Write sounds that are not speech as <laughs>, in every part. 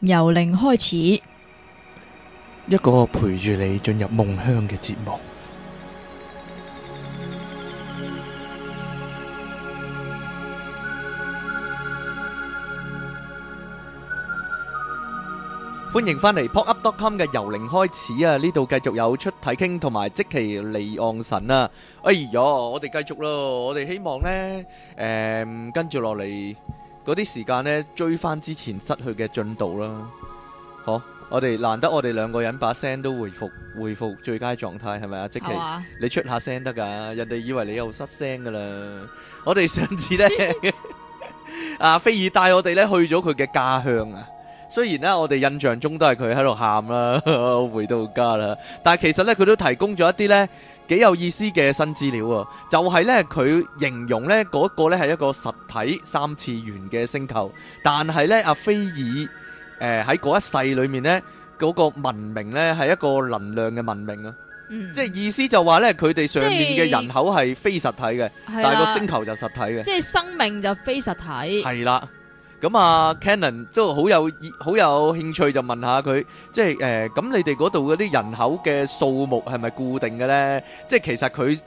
由零開始，一個陪住你進入夢鄉嘅節目。歡迎返嚟 PodUp.com 嘅由零開始啊！呢度繼續有出體傾同埋即期離岸神啊！哎喲，我哋繼續咯，我哋希望呢，誒，跟住落嚟。嗰啲時間咧，追翻之前失去嘅進度啦。好，啊，我哋難得我哋兩個人把聲都回復回復最佳狀態，係咪啊？即係你出下聲得㗎，人哋以為你又失聲㗎啦。我哋上次咧，阿菲爾帶我哋咧去咗佢嘅家鄉啊。雖然咧，我哋印象中都係佢喺度喊啦， <laughs> 回到家啦。但係其實咧，佢都提供咗一啲咧。幾有意思嘅新資料啊！就係呢，佢形容呢嗰個呢係一個實體三次元嘅星球，但係呢，阿菲爾呃喺嗰一世裏面呢，嗰個文明呢係一個能量嘅文明啊！嗯、即係意思就話呢，佢哋上面嘅人口係非實體嘅，嗯、但係個星球就實體嘅，嗯，即係生命就非實體。係啦。咁啊，Canon 即係好有好有興趣，就問下佢，即係誒，咁你哋嗰度嗰啲人口嘅數目係咪固定嘅咧？即係其實佢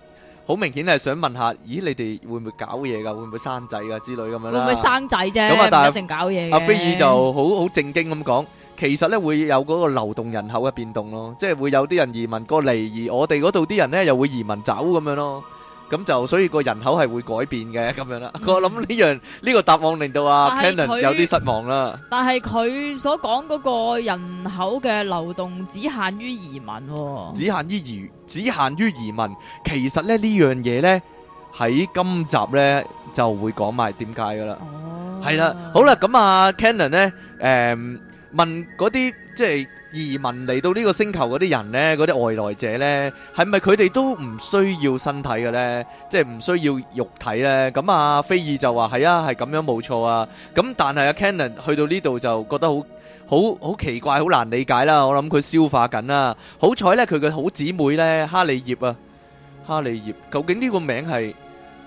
好明顯係想問下，咦，你哋會唔會搞嘢噶？會唔會生仔噶之類咁樣咧？會唔會生仔啫？咁啊，但係唔一定搞嘢。阿菲爾就好好正經咁講，其實咧會有嗰個流動人口嘅變動咯，即係會有啲人移民過嚟，而我哋嗰度啲人咧又會移民走咁樣咯。咁就所以個人口係會改變嘅咁樣啦。我諗呢樣呢個答案令到阿 Cannon 有啲失望啦。但係佢所講嗰個人口嘅流動只限於移民喎，只限於移，只限於移民。其實咧呢樣嘢咧喺今集咧就會講埋點解噶啦。哦，係啦，好啦，咁啊 Cannon 咧誒問嗰啲即係。移民嚟到呢個星球嗰啲人咧，嗰啲外來者咧，係咪佢哋都唔需要身體嘅咧？即係唔需要肉體咧？咁啊，菲爾就話係啊，係咁樣冇錯啊。咁但係阿 Cannon 去到呢度就覺得好好好奇怪，好難理解啦。我諗佢消化緊啦。好彩咧，佢嘅好姊妹咧，哈利葉啊，哈利葉，究竟呢個名係？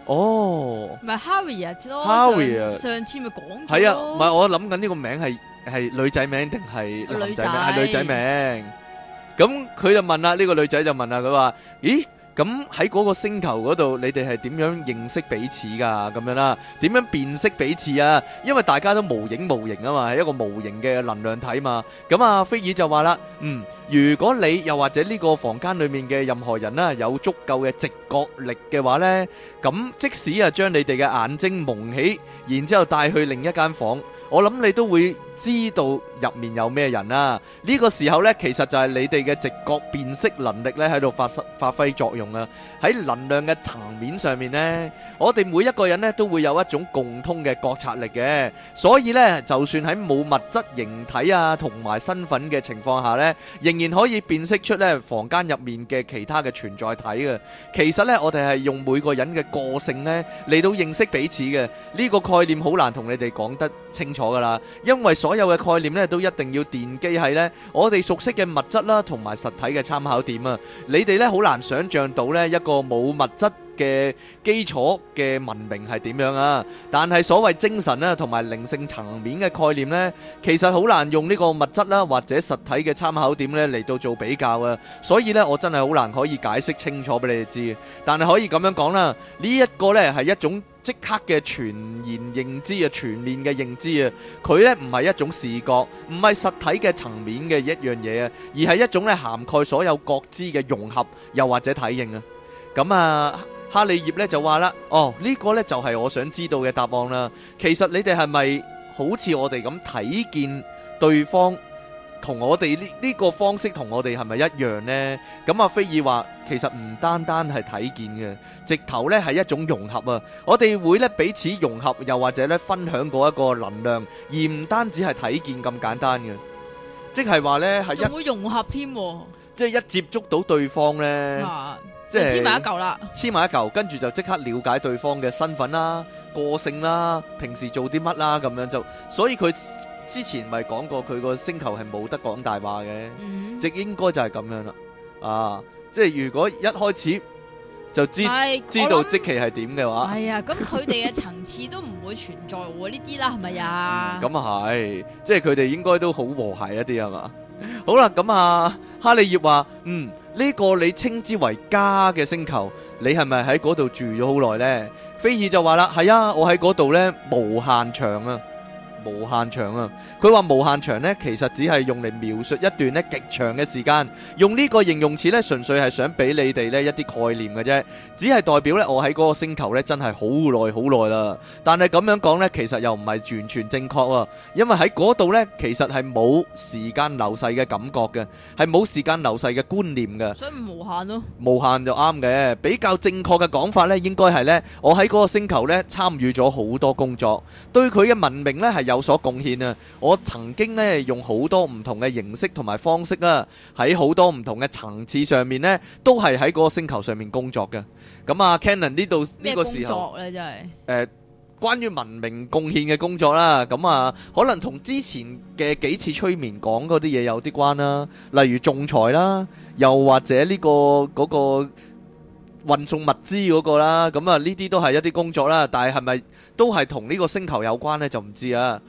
哦，唔係 Harry 啊，Harry 啊，上次咪講？係啊，唔係我諗緊呢個名係。係女仔名定係男仔名？係女仔名。咁佢就問啦，呢個女仔就問啦，佢話：咦，咁喺嗰個星球嗰度，你哋係點樣認識彼此噶？咁樣啦，點樣辨識彼此啊？因為大家都無影無形啊嘛，係一個無形嘅能量體嘛。咁阿菲爾就話啦：嗯，如果你又或者呢個房間裏面嘅任何人啦，有足夠嘅直覺力嘅話呢，咁即使啊將你哋嘅眼睛蒙起，然之後帶去另一間房，我諗你都會。知道入面有咩人啊，呢個時候咧，其實就係你哋嘅直覺辨識能力咧，喺度發生發揮作用啊！喺能量嘅層面上面咧，我哋每一個人咧都會有一種共通嘅覺察力嘅，所以咧就算喺冇物質形體啊同埋身份嘅情況下咧，仍然可以辨識出咧房間入面嘅其他嘅存在體嘅。其實咧，我哋係用每個人嘅個性咧嚟到認識彼此嘅，呢個概念好難同你哋講得清楚噶啦，因為所所有嘅概念咧，都一定要奠基喺咧我哋熟悉嘅物質啦，同埋實體嘅參考點啊！你哋咧好難想象到咧一個冇物質嘅基礎嘅文明係點樣啊？但係所謂精神啊，同埋靈性層面嘅概念呢，其實好難用呢個物質啦或者實體嘅參考點呢嚟到做比較啊。所以呢，我真係好難可以解釋清楚俾你哋知。但係可以咁樣講啦，呢一個呢係一種即刻嘅全然認知啊，全面嘅認知啊。佢呢唔係一種視覺，唔係實體嘅層面嘅一樣嘢啊，而係一種咧涵蓋所有覺知嘅融合，又或者體認啊。咁啊～哈利葉呢就話啦，即係黐埋一嚿啦，黐埋一嚿，跟住就即刻了解對方嘅身份啦、個性啦、平時做啲乜啦，咁樣就，所以佢之前咪講過佢個星球係冇得講大話嘅，即係、嗯、應該就係咁樣啦。啊，即係如果一開始就知但知道想即期係點嘅話，係啊，咁佢哋嘅層次都唔會存在呢啲 <laughs> 啦，係咪啊？咁啊係，即係佢哋應該都好和諧一啲係嘛。好啦，咁啊，哈利葉話嗯。嗯嗯呢個你稱之為家嘅星球，你係咪喺嗰度住咗好耐呢？菲爾就話喇：「係啊，我喺嗰度呢，無限長啊！無限長啊！佢話無限長咧，其實只係用嚟描述一段咧極長嘅時間。用呢個形容詞咧，純粹係想俾你哋咧一啲概念嘅啫。只係代表咧，我喺嗰個星球咧真係好耐好耐啦。但係咁樣講咧，其實又唔係完全正確啊。因為喺嗰度咧，其實係冇時間流逝嘅感覺嘅，係冇時間流逝嘅觀念嘅。所以無限咯。無限就啱嘅，比較正確嘅講法咧，應該係咧，我喺嗰個星球咧參與咗好多工作，對佢嘅文明咧係有。有所貢獻啊！我曾經呢，用好多唔同嘅形式同埋方式啦、啊，喺好多唔同嘅層次上面呢，都係喺個星球上面工作嘅。咁啊，Cannon 呢度呢個時候作真係誒，關於文明貢獻嘅工作啦、啊。咁啊，可能同之前嘅幾次催眠講嗰啲嘢有啲關啦、啊，例如仲裁啦，又或者呢個嗰個。嗰個運送物資嗰個啦，呢啲都係一啲工作啦，但係係咪都係同呢個星球有關呢就唔知啊。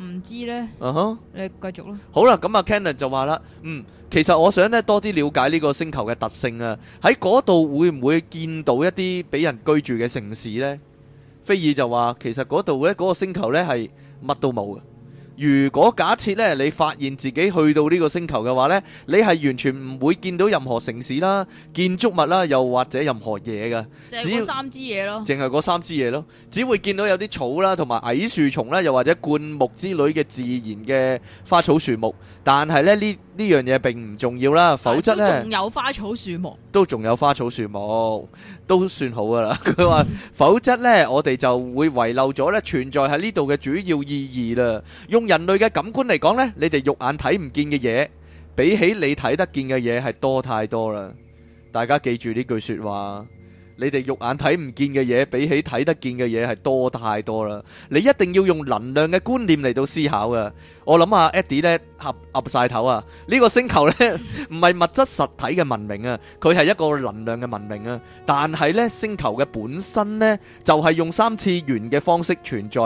唔知呢，嗯哼，你繼續咯。好啦，咁啊，Cannon 就話啦，嗯，其實我想呢多啲了解呢個星球嘅特性啊，喺嗰度會唔會見到一啲俾人居住嘅城市呢？菲爾就話，其實嗰度呢嗰個星球呢係乜都冇嘅。如果假設咧，你發現自己去到呢個星球嘅話呢，你係完全唔會見到任何城市啦、建築物啦，又或者任何嘢㗎，淨係三支嘢咯，淨係嗰三支嘢咯，只會見到有啲草啦，同埋矮樹叢啦，又或者灌木之類嘅自然嘅花草樹木。但係咧，呢呢樣嘢並唔重要啦，否則呢，仲有花草樹木。都仲有花草樹木，都算好噶啦。佢話，否則咧，我哋就會遺漏咗咧存在喺呢度嘅主要意義啦。用人類嘅感官嚟講咧，你哋肉眼睇唔見嘅嘢，比起你睇得見嘅嘢係多太多啦。大家記住呢句說話。你哋肉眼睇唔見嘅嘢，比起睇得見嘅嘢係多太多啦！你一定要用能量嘅觀念嚟到思考噶。我諗下 Eddie 咧，合岌晒頭啊！呢、這個星球咧，唔係物質實體嘅文明啊，佢係一個能量嘅文明啊。但係咧，星球嘅本身咧，就係、是、用三次元嘅方式存在。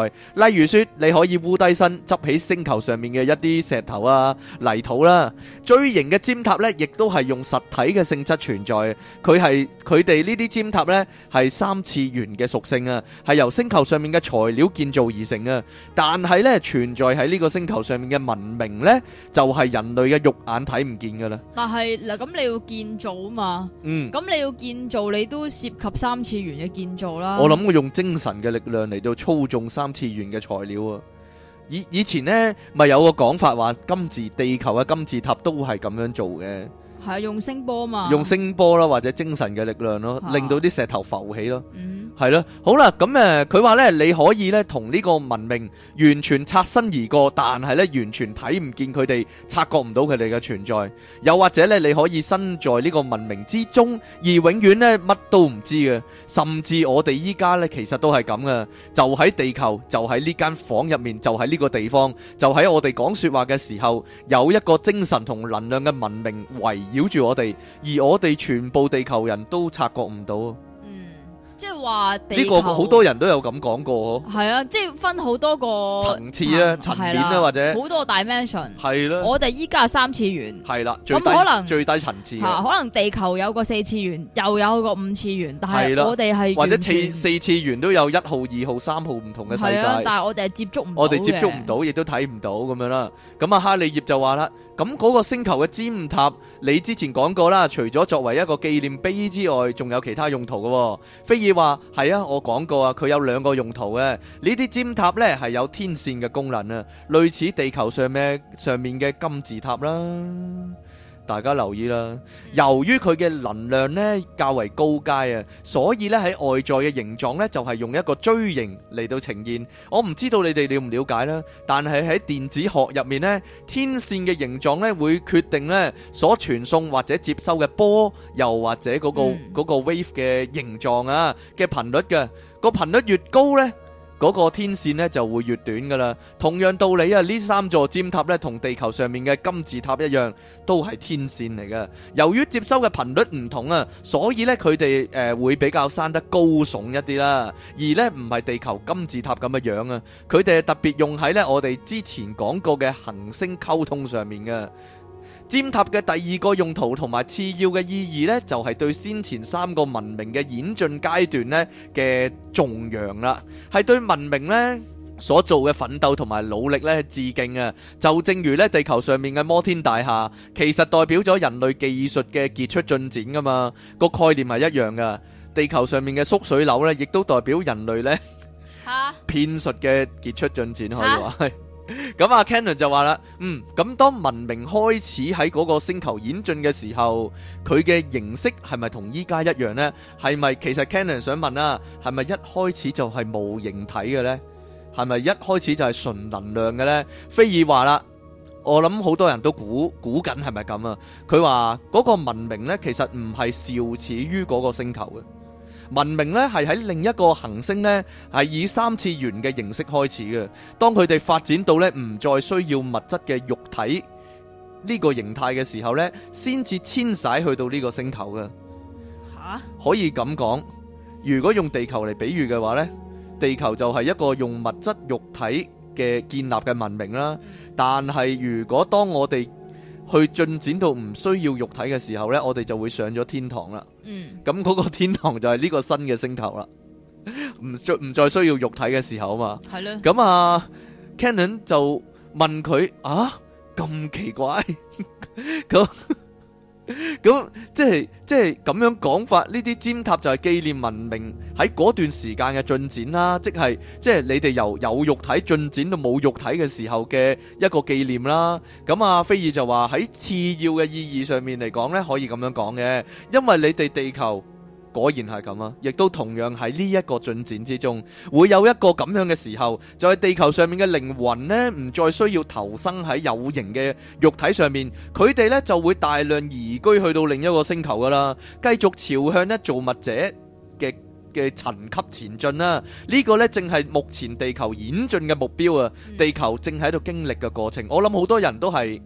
例如說，你可以烏低身執起星球上面嘅一啲石頭啊、泥土啦、啊，錐形嘅尖塔咧，亦都係用實體嘅性質存在，佢係佢哋呢啲尖塔。咧係三次元嘅屬性啊，係由星球上面嘅材料建造而成啊。但係咧，存在喺呢個星球上面嘅文明咧，就係人類嘅肉眼睇唔見噶啦。但係嗱，咁你要建造啊嘛，嗯，咁你要建造，你都涉及三次元嘅建造啦。我諗會用精神嘅力量嚟到操縱三次元嘅材料啊。以以前咧，咪有個講法話，金字塔、地球嘅金字塔都係咁樣做嘅。係啊，用聲波嘛，用聲波啦，或者精神嘅力量咯，令到啲石頭浮起咯，嗯，係咯，好啦，咁誒，佢話咧，你可以咧同呢個文明完全擦身而過，但係咧完全睇唔見佢哋，察覺唔到佢哋嘅存在，又或者咧，你可以身在呢個文明之中，而永遠咧乜都唔知嘅，甚至我哋依家咧其實都係咁噶，就喺地球，就喺呢間房入面，就喺呢個地方，就喺我哋講說話嘅時候，有一個精神同能量嘅文明圍。繞住我哋，而我哋全部地球人都察覺唔到。話呢個好多人都有咁講過，係啊，即係分好多個層次啊、層面啊或者好多個 dimension，係咯，我哋依家係三次元，係啦，咁可能最低層次，吓可能地球有個四次元，又有個五次元，但係我哋係或者四四次元都有一號、二號、三號唔同嘅世界，但係我哋係接觸唔到，我哋接觸唔到，亦都睇唔到咁樣啦。咁啊，哈利葉就話啦，咁嗰個星球嘅尖塔，你之前講過啦，除咗作為一個紀念碑之外，仲有其他用途嘅。菲爾話。係啊，我講過啊，佢有兩個用途嘅。呢啲尖塔咧係有天線嘅功能啊，類似地球上咩上面嘅金字塔啦。大家留意啦，由於佢嘅能量咧較為高階啊，所以咧喺外在嘅形狀咧就係用一個錐形嚟到呈現。我唔知道你哋了唔了解啦，但係喺電子學入面咧，天線嘅形狀咧會決定咧所傳送或者接收嘅波，又或者嗰個嗰個 wave 嘅形狀啊嘅頻率嘅個頻率越高咧，嗰個天線咧就會越短噶啦。同樣道理啊，呢三座尖塔咧同地球上面嘅金字塔一樣，都係天線嚟嘅。由於接收嘅頻率唔同啊，所以咧佢哋誒會比較生得高聳一啲啦，而咧唔係地球金字塔咁嘅樣啊。佢哋係特別用喺咧我哋之前講過嘅行星溝通上面嘅。尖塔嘅第二個用途同埋次要嘅意義呢，就係、是、對先前三個文明嘅演進階段呢嘅頌揚啦，係對文明呢所做嘅奮鬥同埋努力呢致敬啊！就正如呢地球上面嘅摩天大廈，其實代表咗人類技術嘅傑出進展噶嘛，個概念係一樣噶。地球上面嘅縮水樓呢，亦都代表人類呢哈，騙術嘅傑出進展可以話。哈 <laughs> 咁阿 Cannon 就話啦，嗯，咁當文明開始喺嗰個星球演進嘅時候，佢嘅形式係咪同依家一樣呢？係咪其實 Cannon 想問啦、啊，係咪一開始就係無形體嘅呢？係咪一開始就係純能量嘅呢？菲爾話啦，我諗好多人都估估緊係咪咁啊。佢話嗰個文明呢，其實唔係肇始於嗰個星球嘅。文明咧，係喺另一個行星咧，係以三次元嘅形式開始嘅。當佢哋發展到咧，唔再需要物質嘅肉體呢個形態嘅時候咧，先至遷徙去到呢個星球嘅。吓，可以咁講。如果用地球嚟比喻嘅話咧，地球就係一個用物質肉體嘅建立嘅文明啦。但係如果當我哋去進展到唔需要肉體嘅時候呢，我哋就會上咗天堂啦。嗯，咁嗰個天堂就係呢個新嘅星球啦。唔 <laughs> 再唔再需要肉體嘅時候啊嘛，係咯。咁啊，Cannon 就問佢啊，咁奇怪咁。 <laughs> <laughs> <laughs> 咁、嗯、即係即係咁樣講法，呢啲尖塔就係紀念文明喺嗰段時間嘅進展啦，即係即係你哋由有肉體進展到冇肉體嘅時候嘅一個紀念啦。咁、嗯、阿、啊、菲爾就話喺次要嘅意義上面嚟講呢，可以咁樣講嘅，因為你哋地球。果然係咁啊！亦都同樣喺呢一個進展之中，會有一個咁樣嘅時候，就係地球上面嘅靈魂呢，唔再需要投生喺有形嘅肉體上面，佢哋呢就會大量移居去到另一個星球噶啦，繼續朝向呢造物者嘅嘅層級前進啦。呢個呢正係目前地球演進嘅目標啊！地球正喺度經歷嘅過程，我諗好多人都係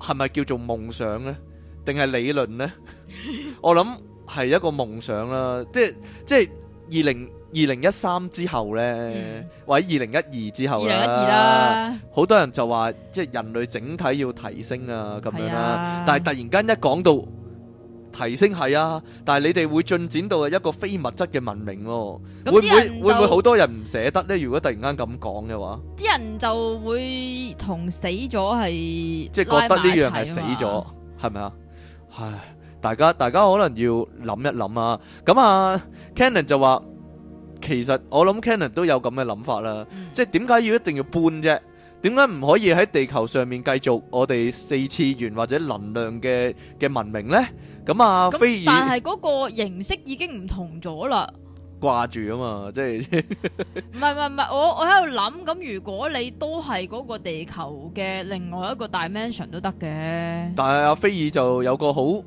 係咪叫做夢想呢，定係理論呢？我諗。係一個夢想啦，即係即係二零二零一三之後呢，mm. 或者二零一二之後呢，二零一二啦，好多人就話即係人類整體要提升啊，咁樣啦，啊。啊、但係突然間一講到提升係啊，但係你哋會進展到一個非物質嘅文明咯，啊，嗯、會唔會會唔會好多人唔捨得呢？如果突然間咁講嘅話，啲人就會同死咗係，即係覺得呢樣係死咗，係咪啊？係。大家大家可能要諗一諗啊！咁啊，Cannon 就話：其實我諗 Cannon 都有咁嘅諗法啦，即係點解要一定要搬啫？點解唔可以喺地球上面繼續我哋四次元或者能量嘅嘅文明咧？咁啊，菲爾咁，但係嗰個形式已經唔同咗啦。掛住啊嘛，即係唔係唔係唔係？我我喺度諗，咁如果你都係嗰個地球嘅另外一個 dimension 都得嘅。但係阿菲爾就有個好。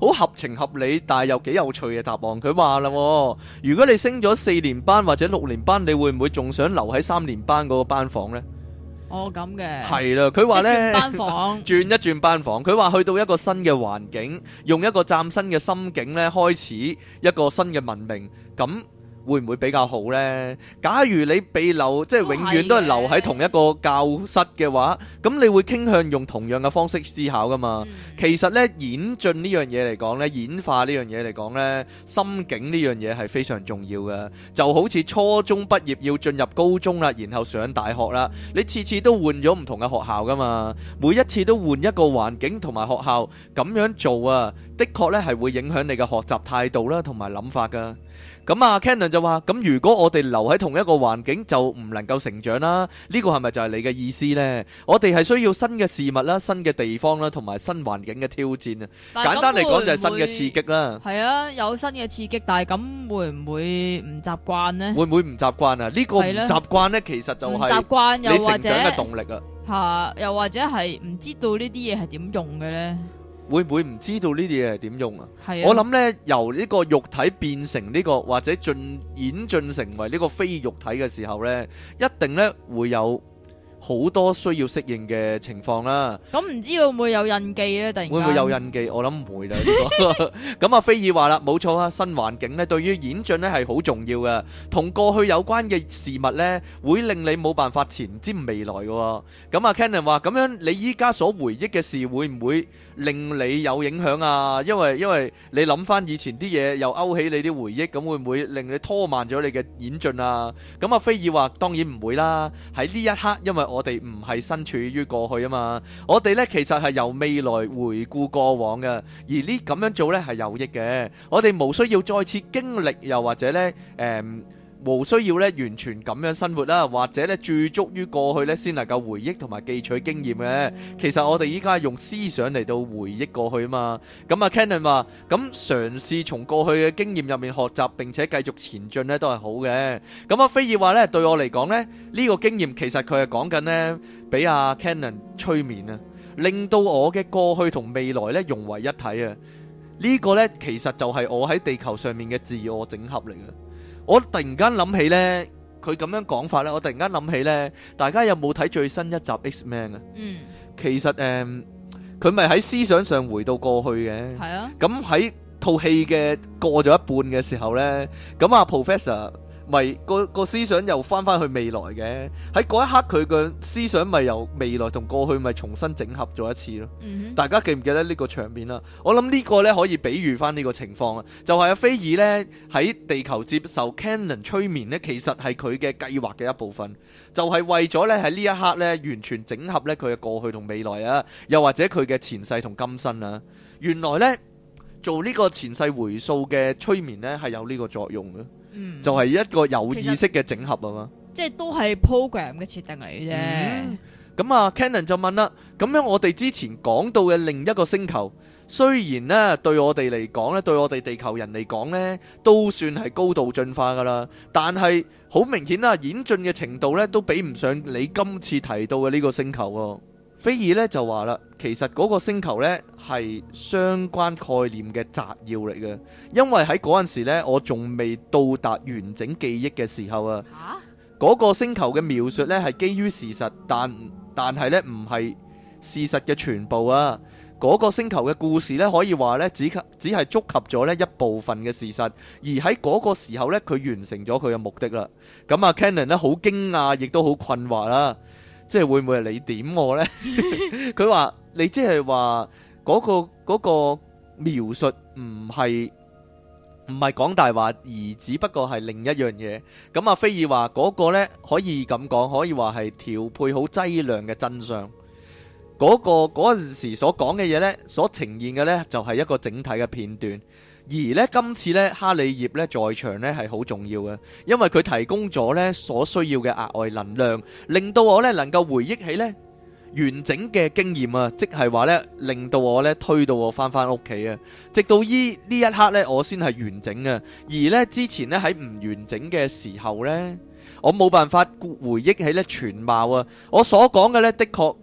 好合情合理，但係又幾有趣嘅答案。佢話啦，如果你升咗四年班或者六年班，你會唔會仲想留喺三年班嗰個班房呢？哦，咁嘅係啦。佢話呢，班房轉一轉班房。佢話去到一個新嘅環境，用一個嶄新嘅心境咧，開始一個新嘅文明咁。會唔會比較好呢？假如你被留，即係永遠都係留喺同一個教室嘅話，咁你會傾向用同樣嘅方式思考噶嘛。其實咧，演進呢樣嘢嚟講咧，演化呢樣嘢嚟講咧，心境呢樣嘢係非常重要嘅。就好似初中畢業要進入高中啦，然後上大學啦，你次次都換咗唔同嘅學校噶嘛，每一次都換一個環境同埋學校，咁樣做啊！的確咧係會影響你嘅學習態度啦，同埋諗法噶。咁啊 Kennen 就話：咁如果我哋留喺同一個環境，就唔能夠成長啦。呢個係咪就係你嘅意思呢？我哋係需要新嘅事物啦、新嘅地方啦，同埋新環境嘅挑戰啊。會會簡單嚟講就係新嘅刺激啦。係啊，有新嘅刺激，但係咁會唔會唔習慣呢？會唔會唔習慣啊？呢個唔習慣呢，其實就係有成長嘅動力啊。吓，又或者係唔知道呢啲嘢係點用嘅呢？會唔會唔知道呢啲嘢係點用啊？係啊，我諗咧，由呢個肉體變成呢個或者進演進成為呢個非肉體嘅時候咧，一定咧會有。好多需要適應嘅情況啦，咁唔知會唔會有印記咧？突然間會唔會有印記？我諗唔會啦。咁阿菲爾話啦，冇錯啊，新環境咧對於演進咧係好重要嘅，同過去有關嘅事物咧會令你冇辦法前瞻未來嘅。咁阿 Cannon 話咁樣，你依家所回憶嘅事會唔會令你有影響啊？因為因為你諗翻以前啲嘢又勾起你啲回憶，咁會唔會令你拖慢咗你嘅演進啊？咁阿菲爾話當然唔會啦。喺呢一刻，因為我哋唔係身處於過去啊嘛，我哋呢其實係由未來回顧過往嘅，而呢咁樣做呢係有益嘅。我哋無需要再次經歷，又或者呢。誒、呃。無需要咧，完全咁樣生活啦，或者咧，駐足於過去咧，先能夠回憶同埋記取經驗嘅。其實我哋依家用思想嚟到回憶過去啊嘛。咁啊，Cannon 話，咁嘗試從過去嘅經驗入面學習，並且繼續前進咧，都係好嘅。咁阿菲爾話咧，對我嚟講咧，呢個經驗其實佢係講緊咧，俾阿 Cannon 催眠啊，令到我嘅過去同未來咧融為一體啊。呢個咧其實就係我喺地球上面嘅自我整合嚟嘅。我突然間諗起咧，佢咁樣講法咧，我突然間諗起咧，大家有冇睇最新一集 X-Men 啊？嗯，其實誒，佢咪喺思想上回到過去嘅，係啊。咁喺套戲嘅過咗一半嘅時候咧，咁啊 Professor。咪個個思想又翻翻去未來嘅，喺嗰一刻，佢嘅思想咪由未來同過去咪重新整合咗一次咯。嗯、哼大家記唔記得呢個場面啦？我諗呢個呢可以比喻翻呢個情況啊，就係、是、阿菲爾呢喺地球接受 Canon 催眠呢，其實係佢嘅計劃嘅一部分，就係、是、為咗咧喺呢一刻呢完全整合咧佢嘅過去同未來啊，又或者佢嘅前世同今生啊。原來呢，做呢個前世回溯嘅催眠呢，係有呢個作用嘅。嗯、就係一個有意識嘅整合啊嘛，即係都係 program 嘅設定嚟嘅啫。咁、嗯、啊 Cannon 就問啦，咁樣我哋之前講到嘅另一個星球，雖然呢對我哋嚟講呢，對我哋地球人嚟講呢，都算係高度進化噶啦，但係好明顯啦，演進嘅程度呢都比唔上你今次提到嘅呢個星球哦。菲爾咧就話啦，其實嗰個星球呢係相關概念嘅摘要嚟嘅，因為喺嗰陣時咧我仲未到達完整記憶嘅時候啊，嗰、啊、個星球嘅描述呢係基於事實，但但係呢唔係事實嘅全部啊，嗰、那個星球嘅故事呢，可以話呢只、只觸及只係觸及咗咧一部分嘅事實，而喺嗰個時候呢，佢完成咗佢嘅目的啦。咁啊，Cannon 呢好驚訝，亦都好困惑啦、啊。即係會唔會係你點我呢？佢 <laughs> 話你即係話嗰個描述唔係唔係講大話而，只不過係另一樣嘢。咁、嗯、阿、啊、菲爾話嗰、那個呢可以咁講，可以話係調配好劑量嘅真相。嗰、嗰個嗰、嗰個、時所講嘅嘢呢，所呈現嘅呢，就係、是、一個整體嘅片段。而呢，今次呢，哈利葉呢在場呢係好重要嘅，因為佢提供咗呢所需要嘅額外能量，令到我呢能夠回憶起呢完整嘅經驗啊，即係話呢，令到我呢推到我返返屋企啊，直到依呢一刻呢，我先係完整啊，而呢，之前呢喺唔完整嘅時候呢，我冇辦法回憶起呢全貌啊，我所講嘅呢，的確。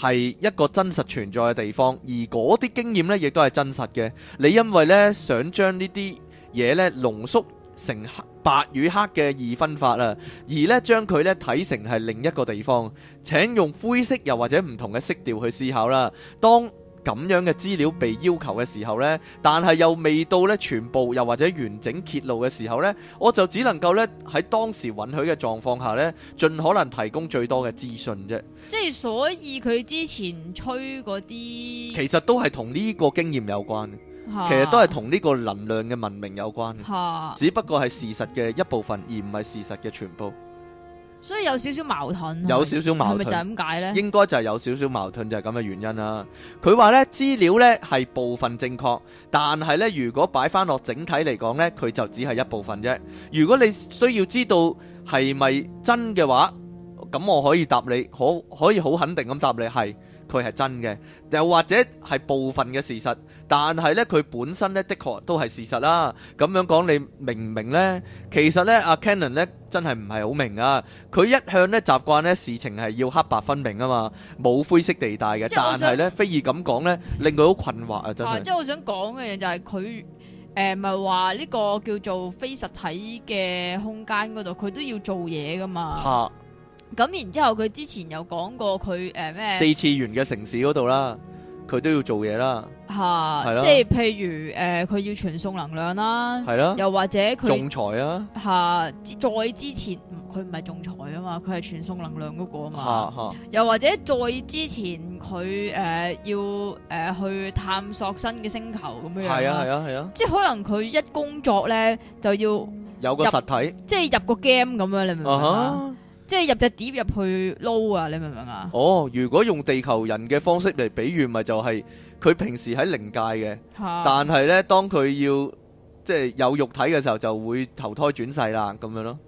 係一個真實存在嘅地方，而嗰啲經驗呢亦都係真實嘅。你因為呢想將呢啲嘢呢濃縮成黑白與黑嘅二分法啦，而呢將佢呢睇成係另一個地方。請用灰色又或者唔同嘅色調去思考啦。當咁樣嘅資料被要求嘅時候呢，但係又未到呢全部又或者完整揭露嘅時候呢，我就只能夠呢，喺當時允許嘅狀況下呢，盡可能提供最多嘅資訊啫。即係，所以佢之前吹嗰啲，其實都係同呢個經驗有關，其實都係同呢個能量嘅文明有關，只不過係事實嘅一部分，而唔係事實嘅全部。所以有少少矛盾，有少少矛盾，咪就係咁解咧？應該就係有少少矛盾就係咁嘅原因啦。佢話咧資料咧係部分正確，但係咧如果擺翻落整體嚟講咧，佢就只係一部分啫。如果你需要知道係咪真嘅話，咁我可以答你，可可以好肯定咁答你係。佢係真嘅，又或者係部分嘅事實，但係呢，佢本身呢，的確都係事實啦、啊。咁樣講你明唔明呢？其實呢，阿 Cannon 呢，真係唔係好明啊！佢一向呢，習慣呢，事情係要黑白分明啊嘛，冇灰色地帶嘅。但係呢，非而咁講呢，令佢好困惑啊！真係、啊。即係我想講嘅嘢就係佢誒，唔係話呢個叫做非實體嘅空間嗰度，佢都要做嘢噶嘛。啊。咁然之後佢之前有講過佢誒咩四次元嘅城市嗰度啦，佢都要做嘢啦。吓、啊，係啦即係譬如誒，佢、呃、要傳送能量啦。係咯，又或者佢仲裁啊。吓、啊，再之前佢唔係仲裁啊嘛，佢係傳送能量嗰個啊嘛。啊啊又或者再之前佢誒、呃、要誒、呃、去探索新嘅星球咁樣樣。係啊係啊係啊。啊啊即係可能佢一工作咧就要有個實體，即係入個 game 咁樣，你明唔明？即係入隻碟入去撈啊！你明唔明啊？哦，如果用地球人嘅方式嚟比喻，咪就係、是、佢平時喺靈界嘅，啊、但係呢，當佢要即係有肉體嘅時候，就會投胎轉世啦，咁樣咯。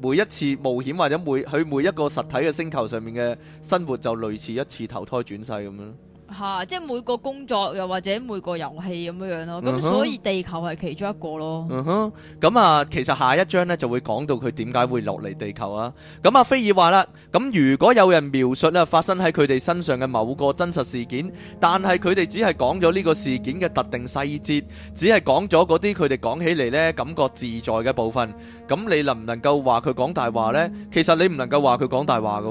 每一次冒險或者每佢每一個實體嘅星球上面嘅生活，就類似一次投胎轉世咁樣咯。吓，即係每個工作又或者每個遊戲咁樣樣咯，咁所以地球係其中一個咯。嗯哼，咁啊，其實下一章咧就會講到佢點解會落嚟地球啊。咁阿菲爾話啦，咁如果有人描述咧發生喺佢哋身上嘅某個真實事件，但係佢哋只係講咗呢個事件嘅特定細節，只係講咗嗰啲佢哋講起嚟咧感覺自在嘅部分，咁你能唔能夠話佢講大話咧？其實你唔能夠話佢講大話噶，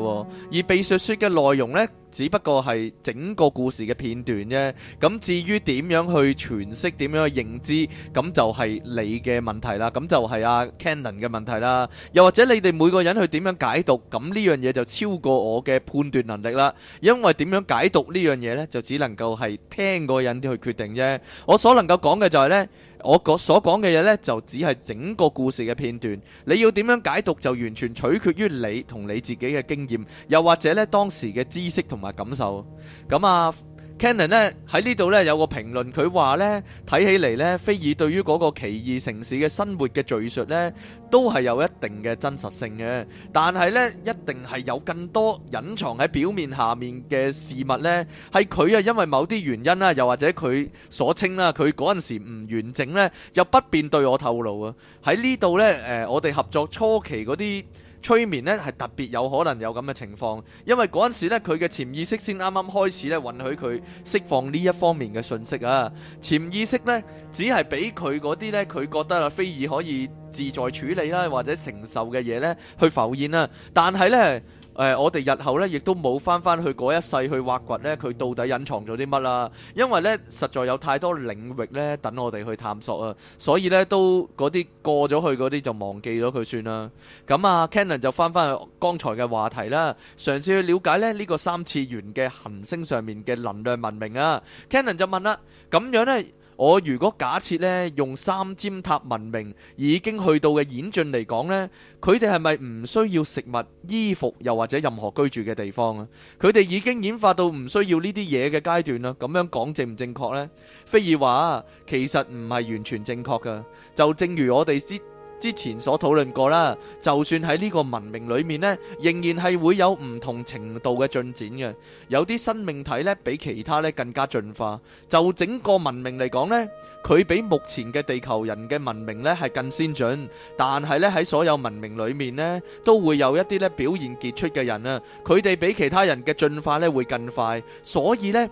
而被說說嘅內容咧，只不過係整個故時嘅片段啫，咁至於點樣去詮釋、點樣去認知，咁就係你嘅問題啦。咁就係阿 Canon 嘅問題啦。又或者你哋每個人去點樣解讀，咁呢樣嘢就超過我嘅判斷能力啦。因為點樣解讀呢樣嘢呢，就只能夠係聽嗰個人去決定啫。我所能夠講嘅就係呢。我所講嘅嘢呢，就只係整個故事嘅片段。你要點樣解讀，就完全取決於你同你自己嘅經驗，又或者呢當時嘅知識同埋感受。咁啊。Cannon 咧喺呢度咧有個評論，佢話咧睇起嚟咧，菲爾對於嗰個奇異城市嘅生活嘅敘述咧，都係有一定嘅真實性嘅。但係咧，一定係有更多隱藏喺表面下面嘅事物咧，係佢啊，因為某啲原因啦，又或者佢所稱啦，佢嗰陣時唔完整咧，又不便對我透露啊。喺呢度咧，誒、呃，我哋合作初期嗰啲。催眠咧係特別有可能有咁嘅情況，因為嗰陣時咧佢嘅潛意識先啱啱開始咧允許佢釋放呢一方面嘅訊息啊，潛意識咧只係俾佢嗰啲咧佢覺得啊非爾可以自在處理啦或者承受嘅嘢咧去浮現啊，但係咧。誒、呃，我哋日後咧，亦都冇翻翻去嗰一世去挖掘咧，佢到底隱藏咗啲乜啦？因為咧，實在有太多領域咧，等我哋去探索啊！所以咧，都嗰啲過咗去嗰啲就忘記咗佢算啦。咁、嗯、啊，Cannon 就翻翻去剛才嘅話題啦，嘗試去了解咧呢、呢個三次元嘅行星上面嘅能量文明啊。Cannon 就問啦、啊，咁樣咧？我如果假設咧，用三尖塔文明已經去到嘅演進嚟講呢，佢哋係咪唔需要食物、衣服又或者任何居住嘅地方啊？佢哋已經演化到唔需要呢啲嘢嘅階段啦。咁樣講正唔正確呢？非爾話其實唔係完全正確噶，就正如我哋先，之前所討論過啦，就算喺呢個文明裡面呢，仍然係會有唔同程度嘅進展，有啲生命體呢，比其他呢更加進化，就整個文明嚟講呢，佢比目前嘅地球人嘅文明係更先進，但係呢喺所有文明裡面呢都會有一啲呢表現傑出嘅人啊，佢哋比其他人嘅進化呢會更快，所以呢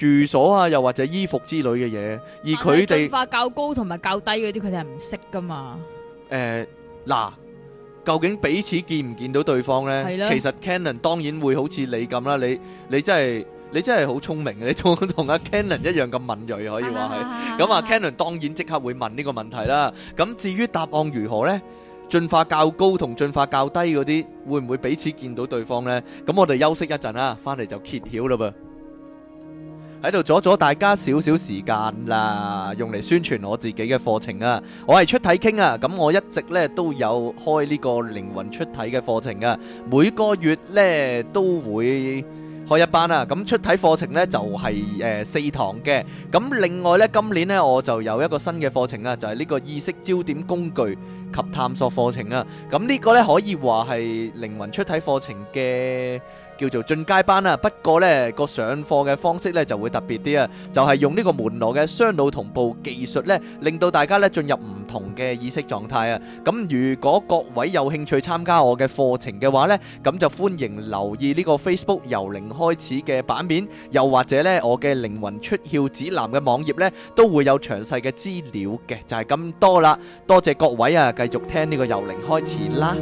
住所啊，又或者衣服之類嘅嘢，而佢哋進化較高同埋較低嗰啲，佢哋係唔識噶嘛？誒嗱，究竟彼此見唔見到對方咧？其實 Cannon 當然會好似你咁啦，你你真係你真係好聰明嘅，你同同阿 Cannon 一樣咁敏鋭可以話係。咁啊，Cannon 當然即刻會問呢個問題啦。咁至於答案如何咧？進化較高同進化較低嗰啲，會唔會彼此見到對方咧？咁我哋休息一陣啊，翻嚟就揭曉嘞噃。喺度阻咗大家少少時間啦，用嚟宣傳我自己嘅課程啊！我係出體傾啊，咁我一直咧都有開呢個靈魂出體嘅課程啊，每個月咧都會開一班啊，咁出體課程呢就係、是、誒、呃、四堂嘅。咁另外呢，今年呢我就有一個新嘅課程啊，就係、是、呢個意識焦點工具及探索課程啊。咁呢個呢可以話係靈魂出體課程嘅。叫做進階班啦，不過呢個上課嘅方式呢就會特別啲啊，就係用呢個門羅嘅雙腦同步技術呢，令到大家呢進入唔同嘅意識狀態啊。咁如果各位有興趣參加我嘅課程嘅話呢，咁就歡迎留意呢個 Facebook 由零開始嘅版面，又或者呢我嘅靈魂出竅指南嘅網頁呢都會有詳細嘅資料嘅，就係咁多啦。多謝各位啊，繼續聽呢個由零開始啦。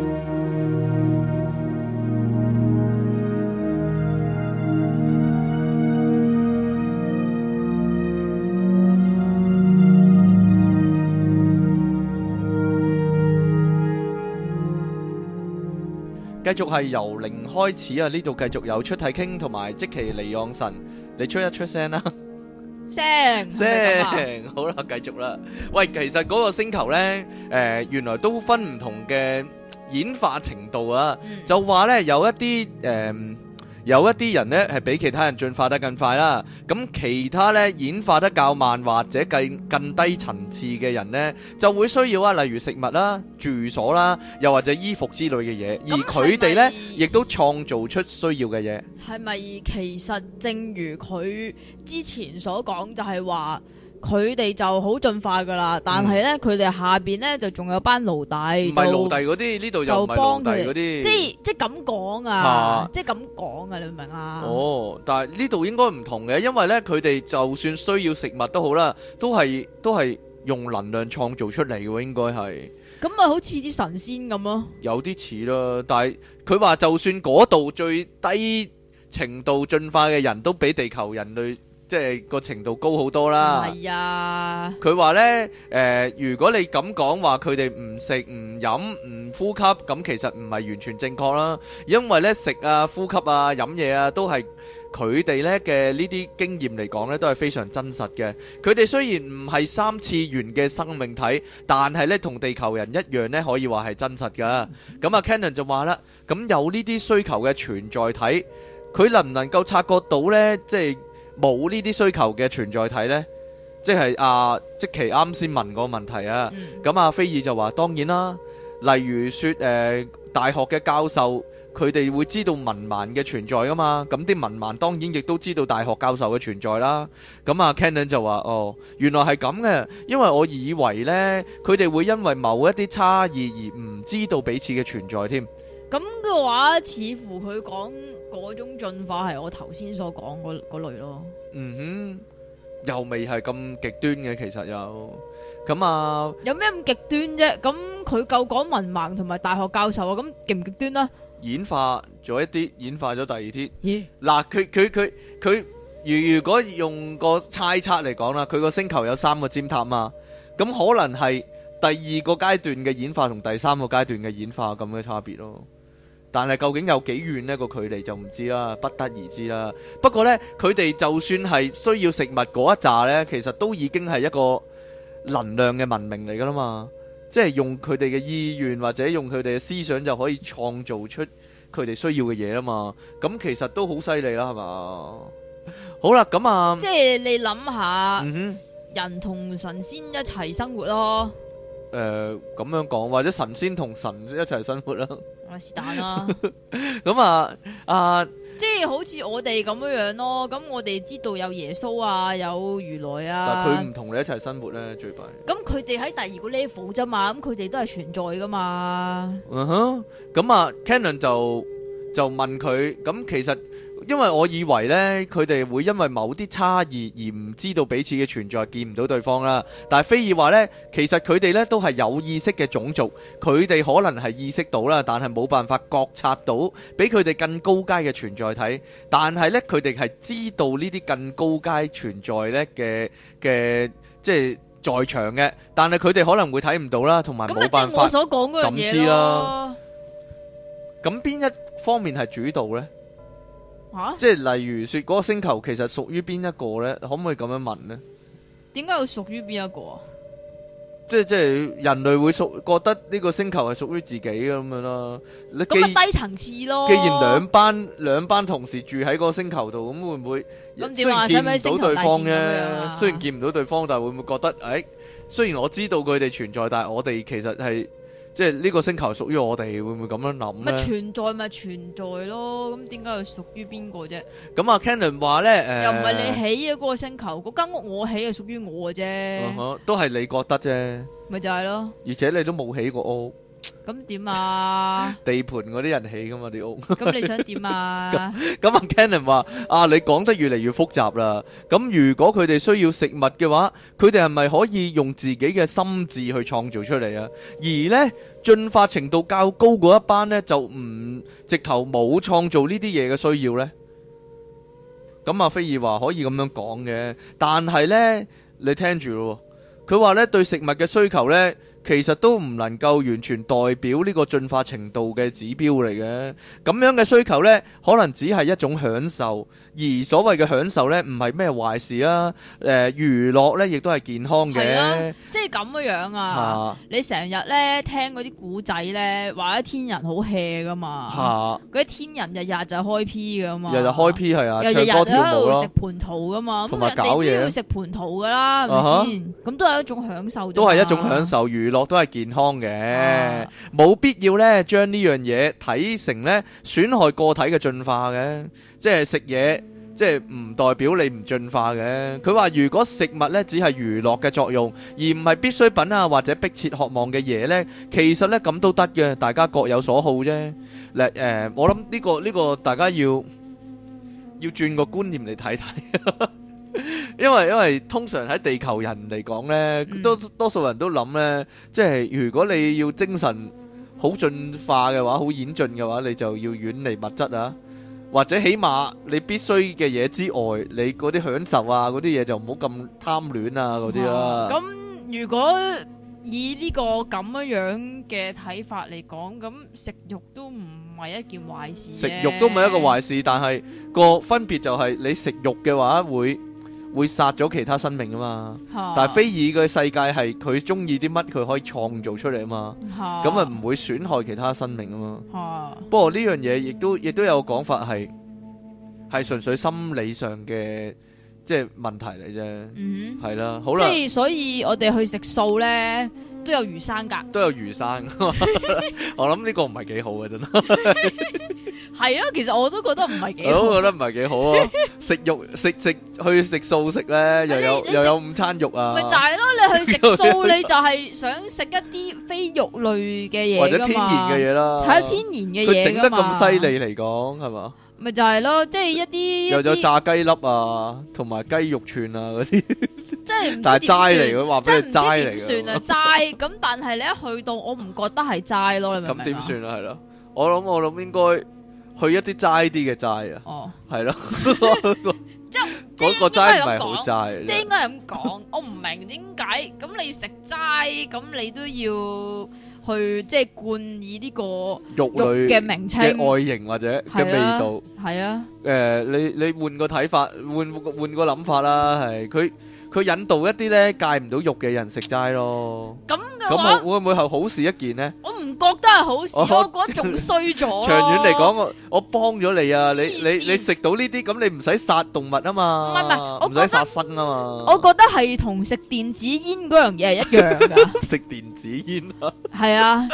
繼續係由零開始啊！呢度繼續有出體傾，同埋即其離盎神，你出一出聲啦！聲聲好啦，繼續啦！喂，其實嗰個星球咧，誒，原來都分唔同嘅演化程度啊，就話咧有一啲誒。有一啲人呢係比其他人進化得更快啦，咁其他呢演化得較慢或者更更低層次嘅人呢，就會需要啊，例如食物啦、住所啦，又或者衣服之類嘅嘢，而佢哋呢、嗯、係咪亦都創造出需要嘅嘢。係咪其實正如佢之前所講，就係話，佢哋就好進化噶啦，但係咧，佢哋、嗯、下邊咧就仲有班奴隸，唔係奴隸嗰啲，呢度就幫佢哋，即係即係咁講啊，即係咁講啊，你明唔明啊？哦，但係呢度應該唔同嘅，因為咧，佢哋就算需要食物都好啦，都係都係用能量創造出嚟嘅，應該係。咁咪好似啲神仙咁咯、啊。有啲似啦，但係佢話就算嗰度最低程度進化嘅人都比地球人類。即係個程度高好多啦。係啊，佢話呢誒，如果你咁講話，佢哋唔食唔飲唔呼吸，咁其實唔係完全正確啦。因為呢食啊、呼吸啊、飲嘢啊，都係佢哋呢嘅呢啲經驗嚟講呢，都係非常真實嘅。佢哋雖然唔係三次元嘅生命體，但係呢同地球人一樣呢，可以話係真實㗎。咁啊，Cannon 就話啦，咁有呢啲需求嘅存在體，佢能唔能夠察覺到呢？即係。冇呢啲需求嘅存在體呢？即係啊，即其啱先問個問題啊，咁阿、嗯啊、菲爾就話當然啦，例如説誒、呃、大學嘅教授，佢哋會知道文盲嘅存在噶嘛，咁啲文盲當然亦都知道大學教授嘅存在啦。咁啊 Cannon 就話哦，原來係咁嘅，因為我以為呢，佢哋會因為某一啲差異而唔知道彼此嘅存在添。咁嘅話，似乎佢講。嗰種進化係我頭先所講嗰嗰類咯，嗯哼，又未係咁極端嘅，其實又咁啊，有咩咁極端啫？咁佢夠講文盲同埋大學教授啊，咁極唔極端啊？演化咗一啲，演化咗第二啲，咦？嗱，佢佢佢佢，如如果用個猜測嚟講啦，佢個星球有三個尖塔嘛，咁可能係第二個階段嘅演化同第三個階段嘅演化咁嘅差別咯。但係究竟有幾遠呢個距離就唔知啦，不得而知啦。不過呢，佢哋就算係需要食物嗰一咋呢，其實都已經係一個能量嘅文明嚟噶啦嘛，即係用佢哋嘅意願或者用佢哋嘅思想就可以創造出佢哋需要嘅嘢啦嘛。咁其實都好犀利啦，係嘛？好啦，咁啊，即係你諗下，嗯、哼人同神仙一齊生活咯。誒，咁、呃、樣講或者神仙同神一齊生活啦，是但啦。咁啊啊， <laughs> 嗯、啊啊即係好似我哋咁樣樣咯。咁我哋知道有耶穌啊，有如來啊。但佢唔同你一齊生活咧，最弊。咁佢哋喺第二個 level 啫嘛，咁佢哋都係存在噶嘛。Uh huh、嗯哼，咁啊，Canon 就就問佢，咁、嗯、其實。因為我以為咧，佢哋會因為某啲差異而唔知道彼此嘅存在，見唔到對方啦。但係菲爾話咧，其實佢哋咧都係有意識嘅種族，佢哋可能係意識到啦，但係冇辦法覺察到比佢哋更高階嘅存在體。但係咧，佢哋係知道呢啲更高階存在咧嘅嘅，即係在場嘅。但係佢哋可能會睇唔到啦，同埋冇辦法。所講咁知啦。咁邊一方面係主導呢？啊、即係例如說，嗰個星球其實屬於邊一個呢？可唔可以咁樣問呢？點解會屬於邊一個啊？即係人類會屬覺得呢個星球係屬於自己咁樣咯？咁咪低層次咯。既然兩班兩班同事住喺個星球度，咁會唔會？咁點話？使唔使對方咧？要要雖然見唔到對方，但係會唔會覺得誒、哎？雖然我知道佢哋存在，但係我哋其實係。即係呢個星球屬於我哋，會唔會咁樣諗？咪存在咪存在咯，咁點解佢屬於邊個啫？咁啊 Cannon 話咧，誒、呃，又唔係你起嘅嗰個星球，嗰間屋我起係，屬於我嘅啫。嗯哼，都係你覺得啫。咪就係咯。咯，而且你都冇起過屋。咁點啊？地盤嗰啲人起噶嘛啲屋。咁你想點啊？咁啊，Cannon 話啊，你講得越嚟越複雜啦。咁如果佢哋需要食物嘅話，佢哋係咪可以用自己嘅心智去創造出嚟啊？而咧進化程度較高嗰一班咧，就唔直頭冇創造呢啲嘢嘅需要咧。咁啊，菲爾話可以咁樣講嘅，但係咧，你聽住咯。佢話咧，對食物嘅需求咧。其實都唔能夠完全代表呢個進化程度嘅指標嚟嘅，咁樣嘅需求呢，可能只係一種享受，而所謂嘅享受呢，唔係咩壞事啊！誒、呃，娛樂呢亦都係健康嘅、啊。即係咁嘅樣啊！啊你成日呢聽嗰啲古仔呢，話一天人好 hea 噶嘛？嗰啲、啊、天人日日，日就開 P 噶嘛？日日開 P 係啊，日日喺度食蟠桃噶嘛？同埋搞嘢。都要食蟠桃噶啦，係咪先？咁都係一種享受，都係一種享受娛樂。都係健康嘅，冇、啊、必要咧將呢樣嘢睇成咧損害個體嘅進化嘅，即係食嘢，即係唔代表你唔進化嘅。佢話如果食物咧只係娛樂嘅作用，而唔係必需品啊，或者迫切渴望嘅嘢咧，其實咧咁都得嘅，大家各有所好啫。嗱，誒，我諗呢個呢個大家要要轉個觀念嚟睇睇。 <laughs> 因為因為通常喺地球人嚟講呢，多多數人都諗呢，即係如果你要精神好進化嘅話，好演進嘅話，你就要遠離物質啊，或者起碼你必須嘅嘢之外，你嗰啲享受啊，嗰啲嘢就唔好咁貪戀啊，嗰啲啦。咁如果以呢個咁樣樣嘅睇法嚟講，咁食肉都唔係一件壞事。食肉都唔係一個壞事，但係個分別就係你食肉嘅話會。會殺咗其他生命啊嘛，啊但係菲爾嘅世界係佢中意啲乜，佢可以創造出嚟啊嘛，咁啊唔會損害其他生命啊嘛。啊不過呢樣嘢亦都亦都有講法係係純粹心理上嘅即係問題嚟啫，係啦，嗯哼，好啦。即係所以我哋去食素咧。都有魚生噶，都有魚生。 <laughs> 我諗呢個唔係幾好嘅，真係。係啊，其實我都覺得唔係幾好，我都覺得唔係幾好、啊 <laughs> 食。食肉食食去食素食咧，你又有吃又有午餐肉啊。咪就係咯，你去食素， <laughs> 你就係想食一啲非肉類嘅嘢，或者天然嘅嘢啦。睇下天然嘅嘢。食得咁犀利嚟講，係嘛？咪就係咯，即係一啲有咗炸雞粒啊，同埋雞肉串啊嗰啲，即係唔但係齋嚟嘅，話俾你齋嚟嘅。咁點算啊？齋咁，但係你一去到，我唔覺得係齋咯，你明唔明？咁點算啊？係咯，我諗我諗應該去一啲齋啲嘅齋啊。哦，係咯，即係嗰個齋唔係好齋，即係應該係咁講。我唔明點解咁你食齋咁你都要。去即係冠以呢個肉類嘅名稱嘅外形或者嘅味道係啊，誒、啊呃，你你換個睇法，換換個諗法啦，係佢。佢引導一啲咧戒唔到肉嘅人食齋咯，咁會會唔會係好事一件咧？我唔覺得係好事，我覺得仲衰咗。長遠嚟講，我我幫咗你啊！你你你食到呢啲，咁你唔使殺動物啊嘛，唔係唔係，我唔使殺生啊嘛。我覺得係同食電子煙嗰樣嘢係一樣噶。食電子煙啊？係啊，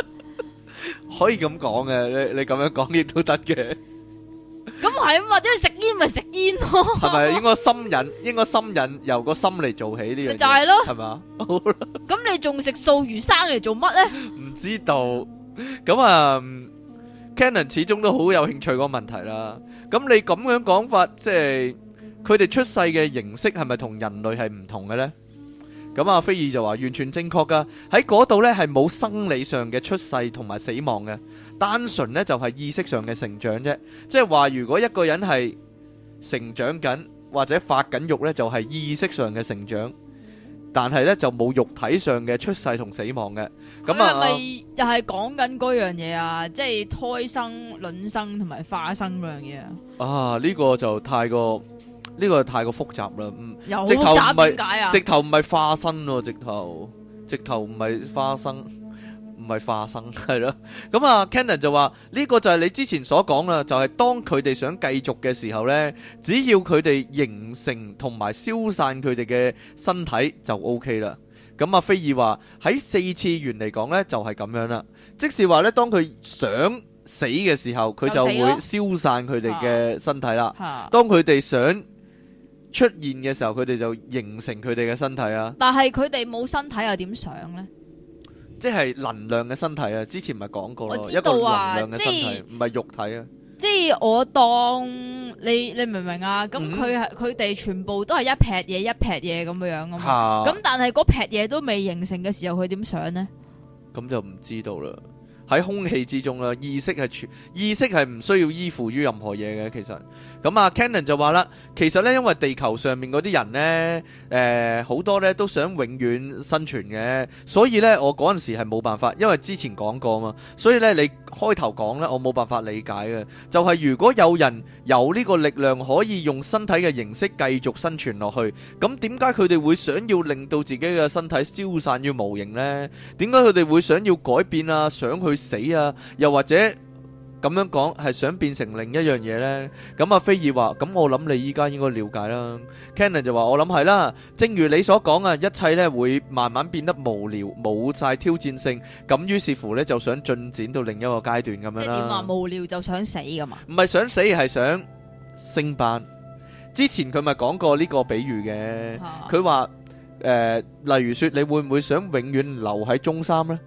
可以咁講嘅，你你咁樣講亦都得嘅。咁係啊嘛，即係食煙咪食煙咯係咪應該心癮？應該心癮，由個心嚟做起呢樣。咪就係咯，係嘛？好啦。咁你仲食素魚生嚟做乜咧？唔知道。咁啊，Canon 始終都好有興趣個問題啦。咁你咁樣講法，即係佢哋出世嘅形式係咪同人類係唔同嘅咧？咁阿菲爾就話完全正確噶，喺嗰度呢，係冇生理上嘅出世同埋死亡嘅，單純呢，就係、是、意識上嘅成長啫。即係話如果一個人係成長緊或者發緊肉呢，就係意識上嘅成長，但係呢，就冇肉體上嘅出世同死亡嘅。咁啊，係咪又係講緊嗰樣嘢啊？即係胎生、卵生同埋化生嗰樣嘢啊？啊，呢、這個就太過。呢個係太過複雜啦，嗯，直頭唔係，直頭唔係化身喎，直頭，直頭唔係化身，唔係化身，係咯。咁啊，Cannon 就話：呢個就係你之前所講啦，就係當佢哋想繼續嘅時候呢，只要佢哋形成同埋消散佢哋嘅身體就 OK 啦。咁啊，菲爾話喺四次元嚟講呢，就係咁樣啦。即是話呢，當佢想死嘅時候，佢就會消散佢哋嘅身體啦。當佢哋想出現嘅時候，佢哋就形成佢哋嘅身體啊！但係佢哋冇身體又點想呢？即係能量嘅身體啊！之前唔係講過，我知道啊，能量嘅身體即係唔係肉體啊！即係我當你你明唔明啊？咁佢係佢哋全部都係一劈嘢一劈嘢咁樣樣啊！咁但係嗰劈嘢都未形成嘅時候，佢點想呢？咁就唔知道啦。喺空氣之中啦，意識係存，意識係唔需要依附於任何嘢嘅。其實，咁啊，Cannon 就話啦，其實咧，因為地球上面嗰啲人咧，誒好多咧都想永遠生存嘅，所以咧我嗰陣時係冇辦法，因為之前講過嘛，所以咧你開頭講咧，我冇辦法理解嘅，就係如果有人有呢個力量可以用身體嘅形式繼續生存落去，咁點解佢哋會想要令到自己嘅身體消散於無形咧？點解佢哋會想要改變啊？想去死啊！又或者咁樣講，係想變成另一樣嘢咧？咁啊，菲爾話：咁我諗你依家應該了解啦。Cannon 就話：我諗係啦，正如你所講啊，一切咧會慢慢變得無聊，冇晒挑戰性。咁於是乎咧，就想進展到另一個階段咁樣啦。即係點啊？無聊就想死噶嘛？唔係想死，係想升班。之前佢咪講過呢個比喻嘅，佢話誒，例如說你會唔會想永遠留喺中三咧？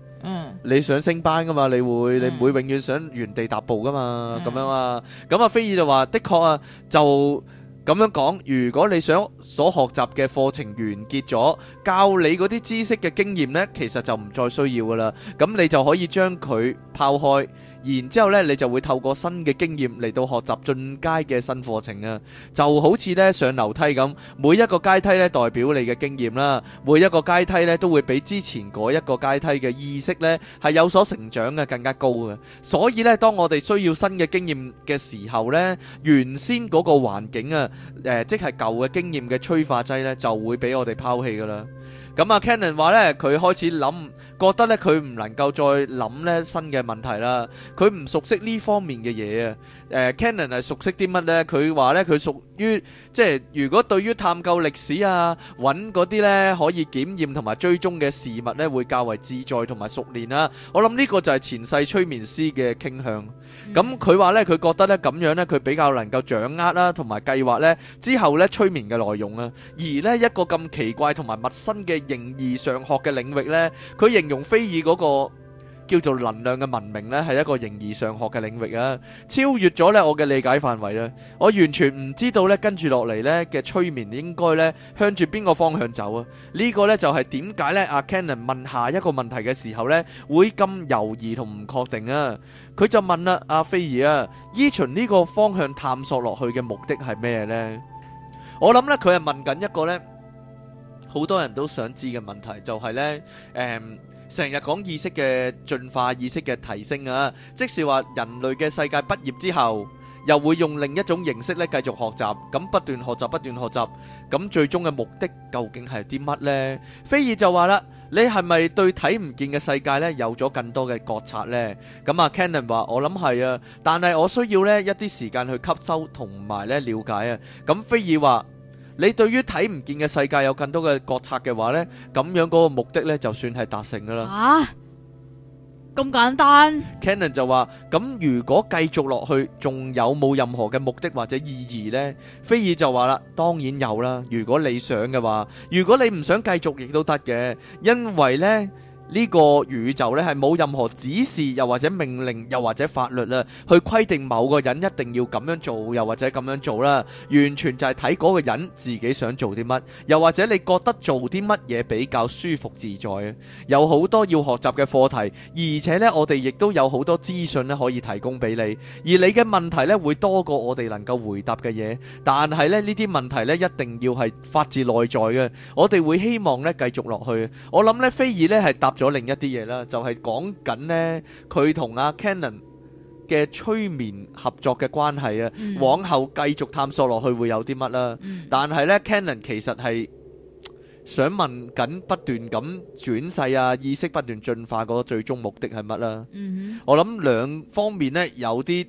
你想升班噶嘛？你會、mm. 你唔會永遠想原地踏步噶嘛？咁、mm. 樣啊？咁啊，菲爾就話：的確啊，就咁樣講。如果你想所學習嘅課程完結咗，教你嗰啲知識嘅經驗呢，其實就唔再需要噶啦。咁你就可以將佢拋開。然之後咧，你就會透過新嘅經驗嚟到學習進階嘅新課程啊！就好似咧上樓梯咁，每一個階梯咧代表你嘅經驗啦，每一個階梯咧都會比之前嗰一個階梯嘅意識咧係有所成長嘅，更加高嘅。所以咧，當我哋需要新嘅經驗嘅時候咧，原先嗰個環境啊，誒，即係舊嘅經驗嘅催化劑咧，就會俾我哋拋棄噶啦。咁啊，Cannon 話咧，佢開始諗，覺得咧佢唔能夠再諗咧新嘅問題啦。佢唔熟悉呢方面嘅嘢啊。誒，呃，Cannon 係熟悉啲乜咧？佢話咧，佢熟。於即係如果對於探究歷史啊，揾嗰啲咧可以檢驗同埋追蹤嘅事物咧，會較為自在同埋熟練啦。我諗呢個就係前世催眠師嘅傾向。咁佢話咧，佢覺得咧咁樣咧，佢比較能夠掌握啦，同埋計劃咧之後咧催眠嘅內容啊。而咧一個咁奇怪同埋陌生嘅形而上學嘅領域咧，佢形容菲爾嗰個。叫做能量嘅文明咧，係一個形而上學嘅領域啊，超越咗咧我嘅理解範圍啊，我完全唔知道咧跟住落嚟咧嘅催眠應該咧向住邊個方向走啊？呢個咧就係點解咧阿 Cannon 問下一個問題嘅時候咧會咁猶豫同唔確定啊？佢就問啦，阿菲兒啊，依循呢個方向探索落去嘅目的係咩呢？我諗咧佢係問緊一個咧好多人都想知嘅問題，就係咧誒。成日講意識嘅進化、意識嘅提升啊！即是話人類嘅世界畢業之後，又會用另一種形式呢繼續學習，咁不斷學習、不斷學習，咁最終嘅目的究竟係啲乜呢？菲爾就話啦：你係咪對睇唔見嘅世界呢有咗更多嘅覺察呢？咁啊，Cannon 話：我諗係啊，但係我需要呢一啲時間去吸收同埋呢了解啊。咁菲爾話。你對於睇唔見嘅世界有更多嘅覺察嘅話呢，咁樣嗰個目的呢，就算係達成噶啦。嚇，咁簡單？Cannon 就話：咁如果繼續落去，仲有冇任何嘅目的或者意義呢？菲爾就話啦：當然有啦。如果你想嘅話，如果你唔想繼續，亦都得嘅，因為呢，呢個宇宙呢，係冇任何指示，又或者命令，又或者法律啊，去規定某個人一定要咁樣做，又或者咁樣做啦。完全就係睇嗰個人自己想做啲乜，又或者你覺得做啲乜嘢比較舒服自在啊。有好多要學習嘅課題，而且呢，我哋亦都有好多資訊呢可以提供俾你。而你嘅問題呢，會多過我哋能夠回答嘅嘢，但係呢，呢啲問題呢，一定要係發自內在嘅。我哋會希望呢，繼續落去。我諗呢，非爾呢，係答咗另一啲嘢啦，就係講緊呢，佢同阿 Canon 嘅催眠合作嘅關係啊，mm hmm. 往後繼續探索落去會有啲乜啦。Mm hmm. 但係呢，Canon 其實係想問緊不斷咁轉世啊，意識不斷進化嗰最終目的係乜啦？Mm hmm. 我諗兩方面呢，有啲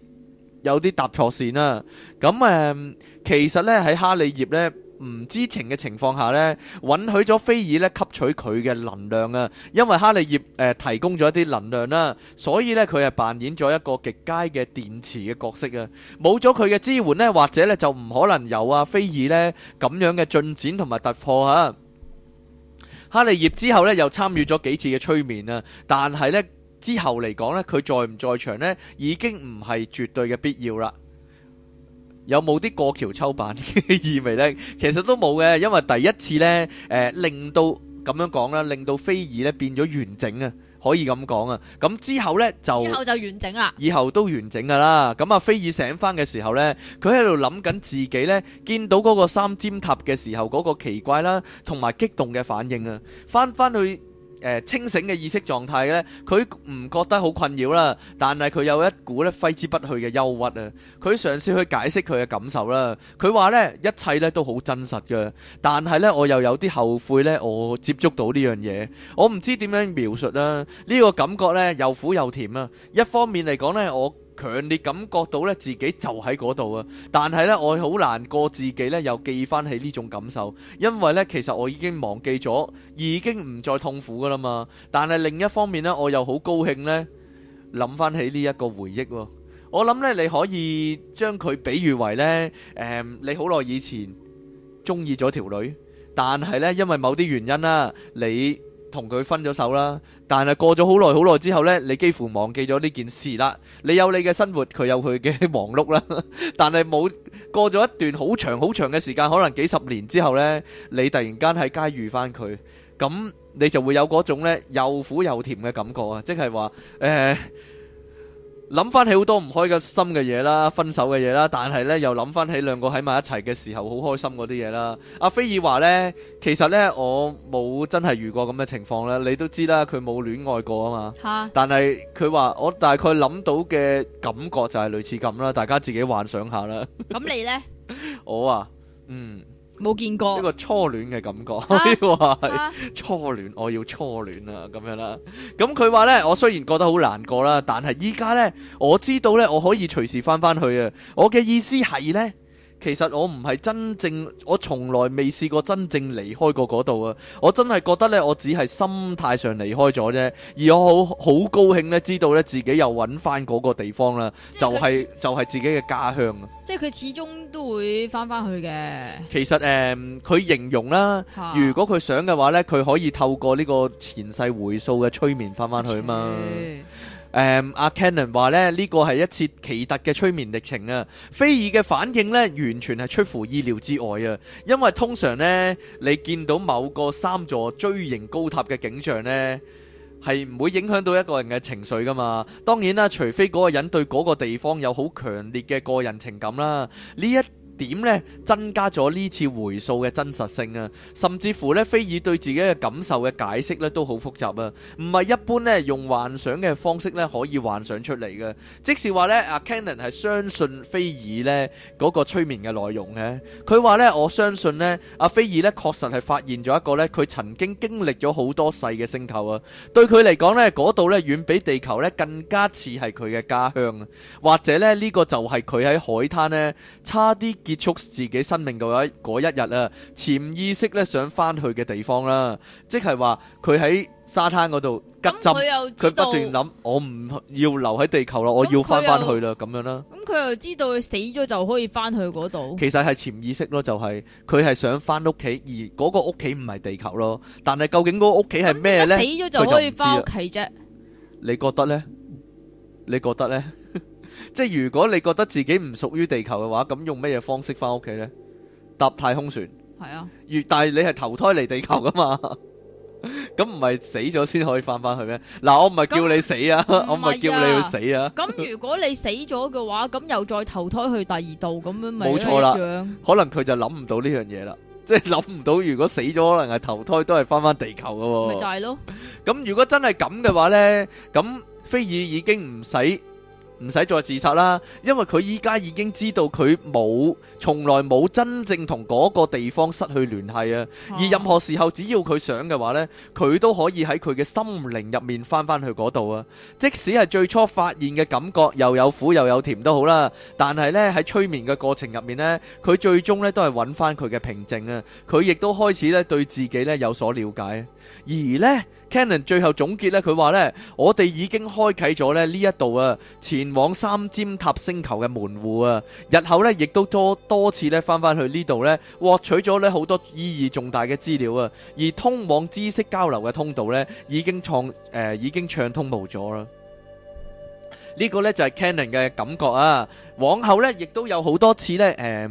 有啲搭錯線啦、啊。咁、嗯、誒，其實呢，喺哈利葉呢，唔知情嘅情況下呢允許咗菲爾呢吸取佢嘅能量啊！因為哈利葉、呃、提供咗一啲能量啦、啊，所以呢，佢係扮演咗一個極佳嘅電池嘅角色啊！冇咗佢嘅支援呢，或者呢，就唔可能有啊菲爾呢咁樣嘅進展同埋突破啊！哈利葉之後呢，又參與咗幾次嘅催眠啊，但係呢，之後嚟講呢，佢在唔在場呢，已經唔係絕對嘅必要啦。有冇啲過橋抽板嘅意味呢？其實都冇嘅，因為第一次呢，誒令到咁樣講啦，令到菲爾呢變咗完整啊，可以咁講啊。咁之後呢就以後就完整啦，以後都完整噶啦。咁啊，菲爾醒翻嘅時候呢，佢喺度諗緊自己呢，見到嗰個三尖塔嘅時候嗰個奇怪啦，同埋激動嘅反應啊，翻翻去。誒、呃，清醒嘅意識狀態咧，佢唔覺得好困擾啦，但係佢有一股咧揮之不去嘅憂鬱啊。佢嘗試去解釋佢嘅感受啦。佢話呢，一切呢都好真實嘅。但係呢，我又有啲後悔呢。我接觸到呢樣嘢，我唔知點樣描述啦。呢、呢個感覺呢，又苦又甜啊，一方面嚟講呢，我。強烈感覺到咧自己就喺嗰度啊，但係咧我好難過，自己咧又記翻起呢種感受，因為咧其實我已經忘記咗，已經唔再痛苦噶啦嘛。但係另一方面咧，我又好高興咧諗翻起呢一個回憶喎。我諗咧你可以將佢比喻為咧，誒你好耐以前中意咗條女，但係咧因為某啲原因啦，你。同佢分咗手啦，但係過咗好耐好耐之後呢，你幾乎忘記咗呢件事啦。你有你嘅生活，佢有佢嘅忙碌啦。但係冇過咗一段好長好長嘅時間，可能幾十年之後呢，你突然間喺街遇翻佢，咁你就會有嗰種呢又苦又甜嘅感覺啊！即係話誒。呃諗翻起好多唔開心嘅嘢啦，分手嘅嘢啦，但係呢又諗翻起兩個喺埋一齊嘅時候好開心嗰啲嘢啦。阿菲爾話呢，其實呢，我冇真係遇過咁嘅情況咧，你都知啦，佢冇戀愛過啊嘛。哈但係佢話我大概諗到嘅感覺就係類似咁啦，大家自己幻想下啦。咁你呢？ <laughs> 我啊，嗯。冇見過一個初戀嘅感覺，我話係初戀，我要初戀啊咁樣啦。咁佢話呢，我雖然覺得好難過啦，但係依家呢，我知道呢，我可以隨時返返去啊。我嘅意思係呢。其實我唔係真正，我從來未試過真正離開過嗰度啊！我真係覺得呢，我只係心態上離開咗啫，而我好好高興呢，知道呢自己又揾翻嗰個地方啦，就是，就係就係自己嘅家鄉。即係佢始終都會翻翻去嘅。其實誒，佢、呃、形容啦，如果佢想嘅話呢，佢可以透過呢個前世回溯嘅催眠翻翻去嘛。誒阿 Cannon 話咧，um, 呢個係一次奇特嘅催眠歷程啊！菲爾嘅反應呢，完全係出乎意料之外啊！因為通常呢，你見到某個三座錐形高塔嘅景象呢，係唔會影響到一個人嘅情緒噶嘛。當然啦、啊，除非嗰個人對嗰個地方有好強烈嘅個人情感啦。呢一點咧增加咗呢次回溯嘅真實性啊。甚至乎咧，菲爾對自己嘅感受嘅解釋咧都好複雜啊！唔係一般咧用幻想嘅方式咧可以幻想出嚟嘅。即係話咧，阿、啊、Cannon 係相信菲爾呢嗰、那個催眠嘅內容嘅，佢話咧，我相信呢，阿、啊、菲爾呢確實係發現咗一個呢，佢曾經經歷咗好多世嘅星球啊！對佢嚟講呢，嗰度呢，遠比地球呢更加似係佢嘅家鄉啊！或者呢，呢、這個就係佢喺海灘呢差啲，結束自己生命嘅嗰一日啊，潛意識咧想翻去嘅地方啦，即係話佢喺沙灘嗰度急佢不斷諗，我唔要留喺地球咯，我要翻翻去啦，咁樣啦。咁佢又知道死咗就可以翻去嗰度。其實係潛意識咯，就係佢係想翻屋企，而嗰個屋企唔係地球咯。但係究竟嗰個屋企係咩呢？嗯、死咗就可以翻屋企啫，你覺得呢？你覺得呢？ <laughs> 即係如果你覺得自己唔屬於地球嘅話，咁用咩嘢方式翻屋企呢？搭太空船係啊，而但係你係投胎嚟地球噶嘛？咁唔係死咗先可以翻翻去咩？嗱，我唔係叫你死啊，我唔係叫你去死啊。咁如果你死咗嘅話，咁又再投胎去第二度咁樣，咪冇錯啦。可能佢就諗唔到呢樣嘢啦，即係諗唔到如果死咗，可能係投胎都係翻翻地球噶。咪就係咯。咁如果真係咁嘅話呢，咁菲爾已經唔使。唔使再自殺啦，因為佢依家已經知道佢冇，從來冇真正同嗰個地方失去聯繫啊！而任何時候，只要佢想嘅話呢，佢都可以喺佢嘅心靈入面返返去嗰度啊！即使係最初發現嘅感覺又有苦又有甜都好啦，但係呢，喺催眠嘅過程入面呢，佢最終呢都係揾返佢嘅平靜啊！佢亦都開始呢對自己呢有所了解，而呢。Canon 最後總結咧，佢話咧：我哋已經開啟咗咧呢一度啊，前往三尖塔星球嘅門戶啊！日後咧，亦都多多次咧翻翻去呢度咧，獲取咗咧好多意義重大嘅資料啊！而通往知識交流嘅通道咧，已經暢誒、呃、已經暢通無阻啦！這個、呢個咧就係、是、Canon 嘅感覺啊！往後咧，亦都有好多次咧誒。呃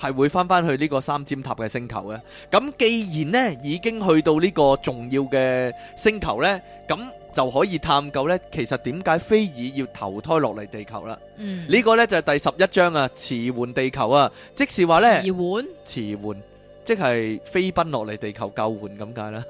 係會翻翻去呢個三尖塔嘅星球嘅，咁既然咧已經去到呢個重要嘅星球咧，咁就可以探究咧，其實點解菲爾要投胎落嚟地球啦？嗯，呢個咧就係第十一章啊，馳援地球啊，即是話咧，馳援馳援，即係飛奔落嚟地球救援咁解啦。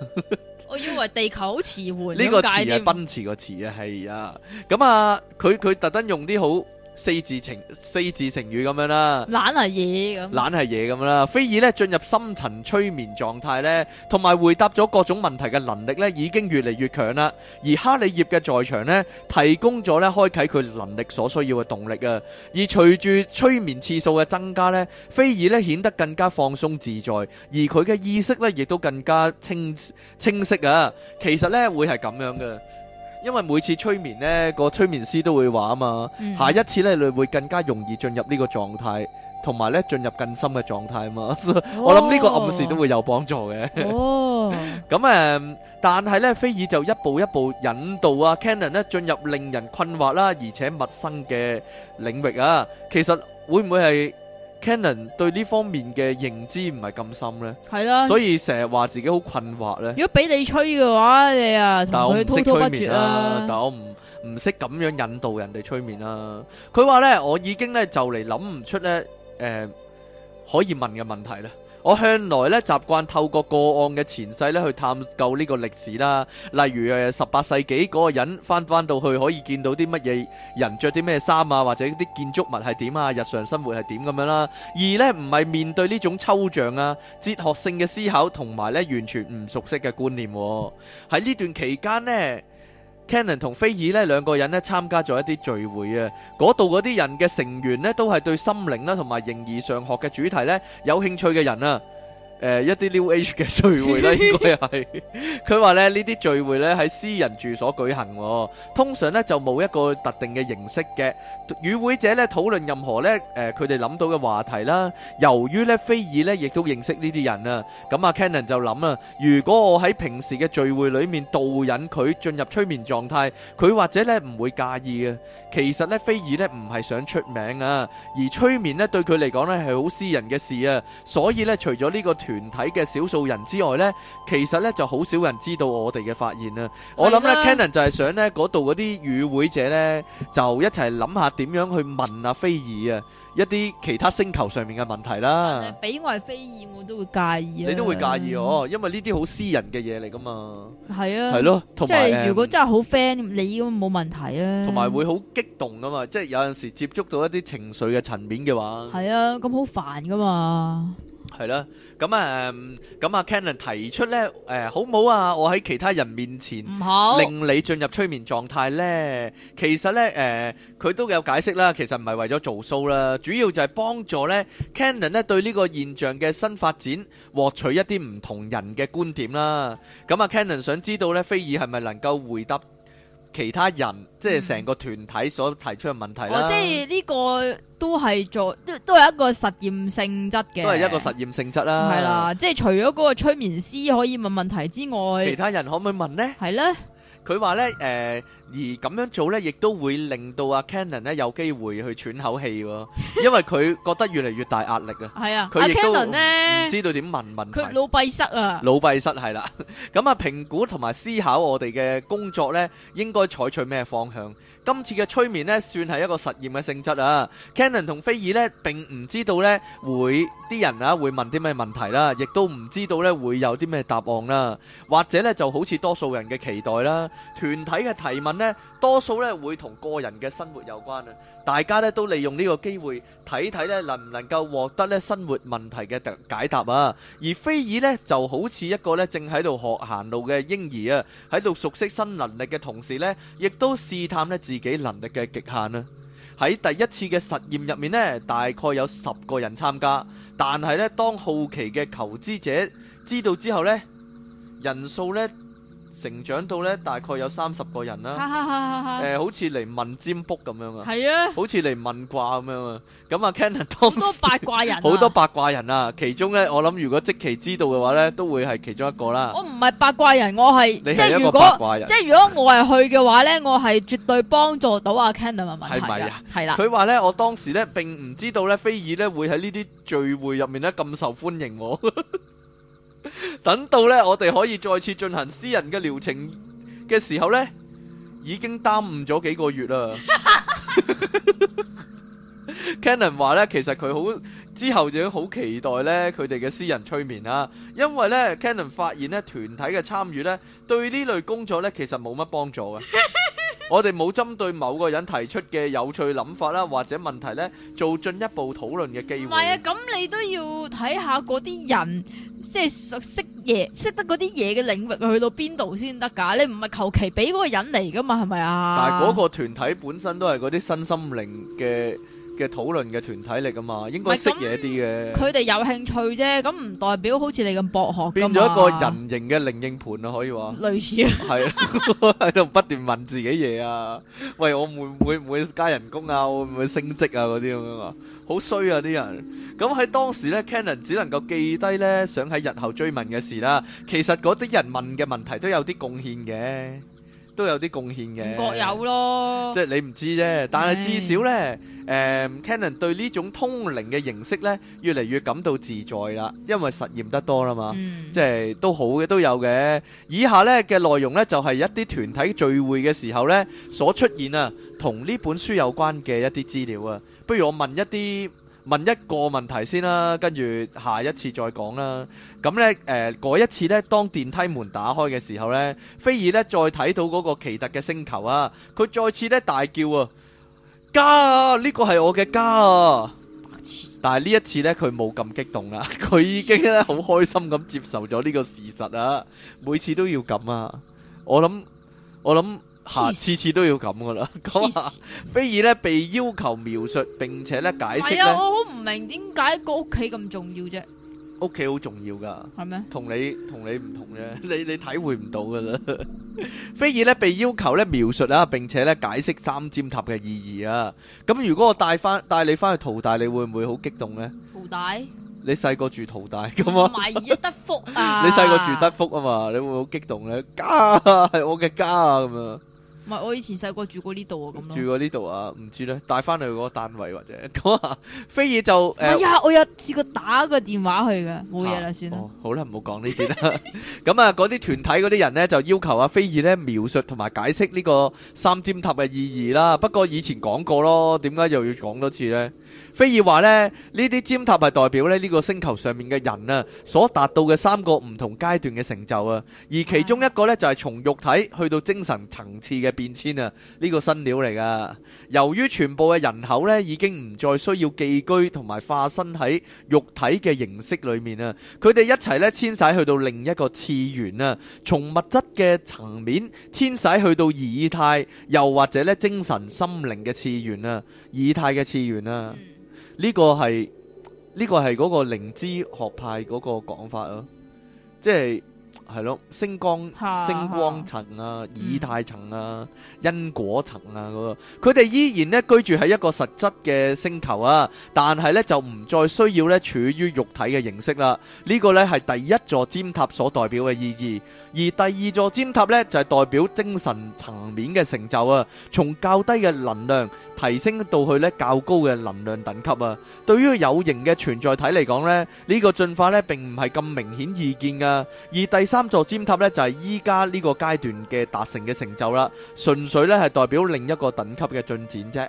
我以為地球好馳援，呢個詞係奔馳個詞啊，係啊，咁啊，佢佢特登用啲好。四字情，四字成語咁樣啦，懶係嘢咁，懶係嘢咁啦。菲爾呢進入深層催眠狀態呢，同埋回答咗各種問題嘅能力呢已經越嚟越強啦。而哈利葉嘅在場呢，提供咗呢開啟佢能力所需要嘅動力啊。而隨住催眠次數嘅增加呢，菲爾呢顯得更加放鬆自在，而佢嘅意識呢亦都更加清清晰啊。其實呢，會係咁樣嘅。因為每次催眠呢、呢個催眠師都會話啊嘛，嗯、下一次咧你會更加容易進入呢個狀態，同埋咧進入更深嘅狀態啊嘛。哦、 <laughs> 我諗呢個暗示都會有幫助嘅。哦，咁誒、 <laughs> 嗯，但係呢，菲爾就一步一步引導啊，Cannon 呢進入令人困惑啦、啊，而且陌生嘅領域啊，其實會唔會係？Canon 對呢方面嘅認知唔係咁深咧，係啦、啊，所以成日話自己好困惑咧。如果俾你吹嘅話，你啊但我識催眠啦、啊，但我唔唔識咁樣引導人哋催眠啦、啊。佢話咧，我已經咧就嚟諗唔出咧誒、呃、可以問嘅問題咧。我向來咧習慣透過個案嘅前世咧去探究呢個歷史啦，例如誒十八世紀嗰個人翻翻到去，可以見到啲乜嘢人着啲咩衫啊，或者啲建築物係點啊，日常生活係點咁樣啦。而呢，唔係面對呢種抽象啊、哲學性嘅思考，同埋咧完全唔熟悉嘅觀念喺呢段期間呢。c e n o n 同菲爾咧兩個人咧參加咗一啲聚會啊。嗰度嗰啲人嘅成員咧都係對心靈啦同埋形而上學嘅主題咧有興趣嘅人啊。誒一啲 New Age 嘅聚會啦，應該係。佢話咧呢啲聚會咧喺私人住所舉行，通常咧就冇一個特定嘅形式嘅。與會者咧討論任何咧誒佢哋諗到嘅話題啦。由於咧菲爾咧亦都認識呢啲人啊，咁啊 Cannon 就諗啊，如果我喺平時嘅聚會裡面導引佢進入催眠狀態，佢或者咧唔會介意嘅。其實咧菲爾咧唔係想出名啊，而催眠咧對佢嚟講咧係好私人嘅事啊，所以咧除咗呢個。團體嘅少數人之外呢，其實呢就好少人知道我哋嘅發現啊！我諗呢 Cannon 就係想呢嗰度嗰啲與會者呢，就一齊諗下點樣去問阿、啊、菲爾啊，一啲其他星球上面嘅問題啦。俾我係菲爾，我都會介意，你都會介意哦，因為呢啲好私人嘅嘢嚟噶嘛。係啊的，係咯，即係如果真係好 friend，你冇問題啊。同埋會好激動噶嘛，即係有陣時接觸到一啲情緒嘅層面嘅話。係啊，咁好煩噶嘛。係啦，咁啊，咁啊，Cannon 提出咧，誒好唔好啊？我喺其他人面前，唔好令你進入催眠狀態咧。其實咧，誒佢都有解釋啦。其實唔係為咗做數做 show 啦，主要就係幫助咧，Cannon 咧對呢個現象嘅新發展獲取一啲唔同人嘅觀點啦。咁啊，Cannon 想知道咧，菲爾係咪能夠回答？其他人即係成個團體所提出嘅問題，嗯哦啊、啦，即係呢個都係做，都都係一個實驗性質嘅，都係一個實驗性質啦，係啦，即係除咗嗰個催眠師可以問問題之外，其他人可唔可以問咧？係咧。佢話咧，誒、呃、而咁樣做咧，亦都會令到阿 Cannon 咧有機會去喘口氣喎，因為佢覺得越嚟越大壓力 <laughs> 啊。係啊，佢亦都唔知道點問問題，佢老閉塞啊，老閉塞係啦。咁啊、 <laughs> 嗯，評估同埋思考我哋嘅工作咧，應該採取咩方向？今次嘅催眠咧，算係一個實驗嘅性質啊。 <laughs> Cannon 同菲爾咧並唔知道咧會，啲人啊會問啲咩問題啦，亦都唔知道咧會有啲咩答案啦，或者咧就好似多數人嘅期待啦，團體嘅提問咧，多數咧會同個人嘅生活有關啊。大家咧都利用呢個機會睇睇咧，能唔能夠獲得咧生活問題嘅解答啊。而菲爾咧就好似一個咧正喺度學行路嘅嬰兒啊，喺度熟悉新能力嘅同時咧，亦都試探咧自己能力嘅極限啊。喺第一次嘅實驗入面呢，大概有十個人參加，但係呢，當好奇嘅求知者知道之後呢，人數呢，成長到咧，大概有三十個人啦。誒、呃，好似嚟問占卜咁樣啊，係啊，好似嚟問卦咁樣啊。咁啊，Cannon 好多八卦人、啊，好多八卦人啊。其中咧，我諗如果即期知道嘅話咧，都會係其中一個啦。我唔係八卦人，我係你是 即係如果，即係如果我係去嘅話咧，我係絕對幫助到阿 Cannon 嘅問題嘅，係咪啊？係啦，佢話咧，我當時咧並唔知道咧，菲爾咧會喺呢啲聚會入面咧咁受歡迎。我。 <laughs> 等到呢，我哋可以再次進行私人嘅療程嘅時候呢，已經耽誤咗幾個月啦。 <laughs> Cannon 話呢，其實佢好之後就好期待呢佢哋嘅私人催眠啦，啊，因為呢 Cannon 發現呢，團體嘅參與呢，對呢類工作呢其實冇乜幫助嘅。我哋冇針對某個人提出嘅有趣諗法啦，或者問題呢，做進一步討論嘅機會。唔係啊，咁你都要睇下嗰啲人，即係熟識嘢、識得嗰啲嘢嘅領域去到邊度先得㗎？你唔係求其俾嗰個人嚟㗎嘛？係咪啊？但係嗰個團體本身都係嗰啲身心靈嘅。嘅討論嘅團體嚟㗎嘛，應該識嘢啲嘅。佢哋有興趣啫，咁唔代表好似你咁博學。變咗一個人形嘅靈應盤啊，可以話。類似啊。係喺度不斷問自己嘢啊，喂，我會唔會唔會加人工啊？會唔會升職啊？嗰啲咁樣啊，好衰啊！啲人。咁喺當時咧，Cannon 只能夠記低咧，想喺日後追問嘅事啦。其實嗰啲人問嘅問題都有啲貢獻嘅。都有啲貢獻嘅，各有咯，即係你唔知啫。但係至少呢，誒，Canon 對呢種通靈嘅形式呢，越嚟越感到自在啦，因為實驗得多啦嘛，即係都好嘅，都有嘅。以下呢嘅內容呢，就係一啲團體聚會嘅時候呢，所出現啊，同呢本書有關嘅一啲資料啊。不如我問一啲。問一個問題先啦，跟住下一次再講啦。咁呢，誒、呃，嗰一次呢，當電梯門打開嘅時候呢，菲爾呢再睇到嗰個奇特嘅星球啊，佢再次呢大叫啊！家啊，呢個係我嘅家啊！但係呢一次呢，佢冇咁激動啦，佢已經咧好開心咁接受咗呢個事實啊。每次都要咁啊，我諗，我諗。下次次都要咁噶啦。咁啊，菲爾咧被要求描述，並且咧解釋咧。係啊，我好唔明點解個屋企咁重要啫？屋企好重要噶。係咩？你你同你同你唔同嘅，你你體會唔到噶啦。菲爾咧被要求咧描述啊，並且咧解釋三尖塔嘅意義啊。咁如果我帶翻帶你翻去淘大，你會唔會好激動咧？淘大？你細個住淘大咁啊？唔係啊，德福啊。你細個住德福啊嘛？你會唔會好激動咧？家係我嘅家啊咁啊！唔係我以前細個住過呢度啊，咁咯。住過呢度啊，唔知咧，帶翻去嗰個單位或者咁啊。菲爾就唔係、呃哎、我有試過打個電話去嘅，冇嘢啦，啊、算啦了、哦。好啦，唔好講呢啲啦。咁啊， <laughs> 嗰啲團體嗰啲人呢，就要求阿菲爾呢描述同埋解釋呢個三尖塔嘅意義啦。不過以前講過咯，點解又要講多次呢？菲爾話呢，呢啲尖塔係代表咧呢個星球上面嘅人啊所達到嘅三個唔同階段嘅成就啊。而其中一個呢，就係、是、從肉體去到精神層，層次嘅。變遷啊！呢、這個新料嚟噶，由於全部嘅人口呢已經唔再需要寄居同埋化身喺肉體嘅形式裏面啊，佢哋一齊呢遷徙去到另一個次元啊，從物質嘅層面遷徙去到以太，又或者呢精神心靈嘅次，次元啊，以太嘅次元啊，呢個係呢個係嗰個靈知學派嗰個講法咯，即係。係咯，星光、星光層啊，以太層啊，因果層啊，個佢哋依然咧居住喺一個實質嘅星球啊，但係咧就唔再需要咧處於肉體嘅形式啦。這個、呢個咧係第一座尖塔所代表嘅意義，而第二座尖塔咧就係、是、代表精神層面嘅成就啊，從較低嘅能量提升到去咧較高嘅能量等級啊。對於有形嘅存在體嚟講咧，呢、這個進化咧並唔係咁明顯易見噶，而第三。三座尖塔咧，就係依家呢個階段嘅達成嘅成就啦。純粹咧係代表另一個等級嘅進展啫。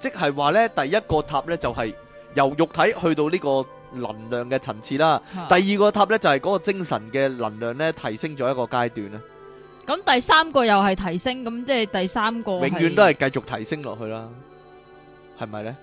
即係話咧，第一個塔咧就係、是、由肉體去到呢個能量嘅層次啦。啊、第二個塔咧就係、是、嗰個精神嘅能量咧提升咗一個階段啦。咁第三個又係提升，咁即係第三個永遠都係繼續提升落去啦，係咪呢？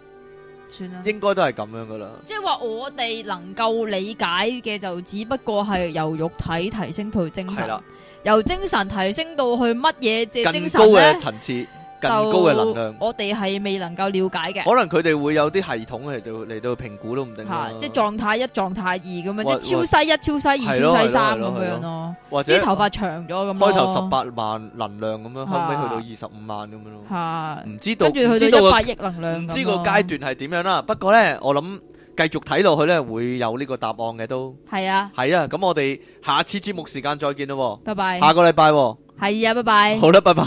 算應該都係咁樣噶啦，即係話我哋能夠理解嘅就只不過係由肉體提升到精神，對了 由精神提升到去乜嘢嘅精神層次。咁高嘅能量，我哋係未能夠了解嘅。可能佢哋會有啲系統嚟到嚟到評估都唔定。係，即係狀態一、狀態二咁樣，即係超西一、超西二、超西三咁樣咯。或者頭髮長咗咁樣。開頭十八萬能量咁樣，後尾去到二十五萬咁樣咯。係，唔知道。跟住去到百億能量，唔知個階段係點樣啦。不過咧，我諗繼續睇落去咧，會有呢個答案嘅都。係啊。係啊，咁我哋下次節目時間再見咯。拜拜。下個禮拜。係啊，拜拜。好啦，拜拜。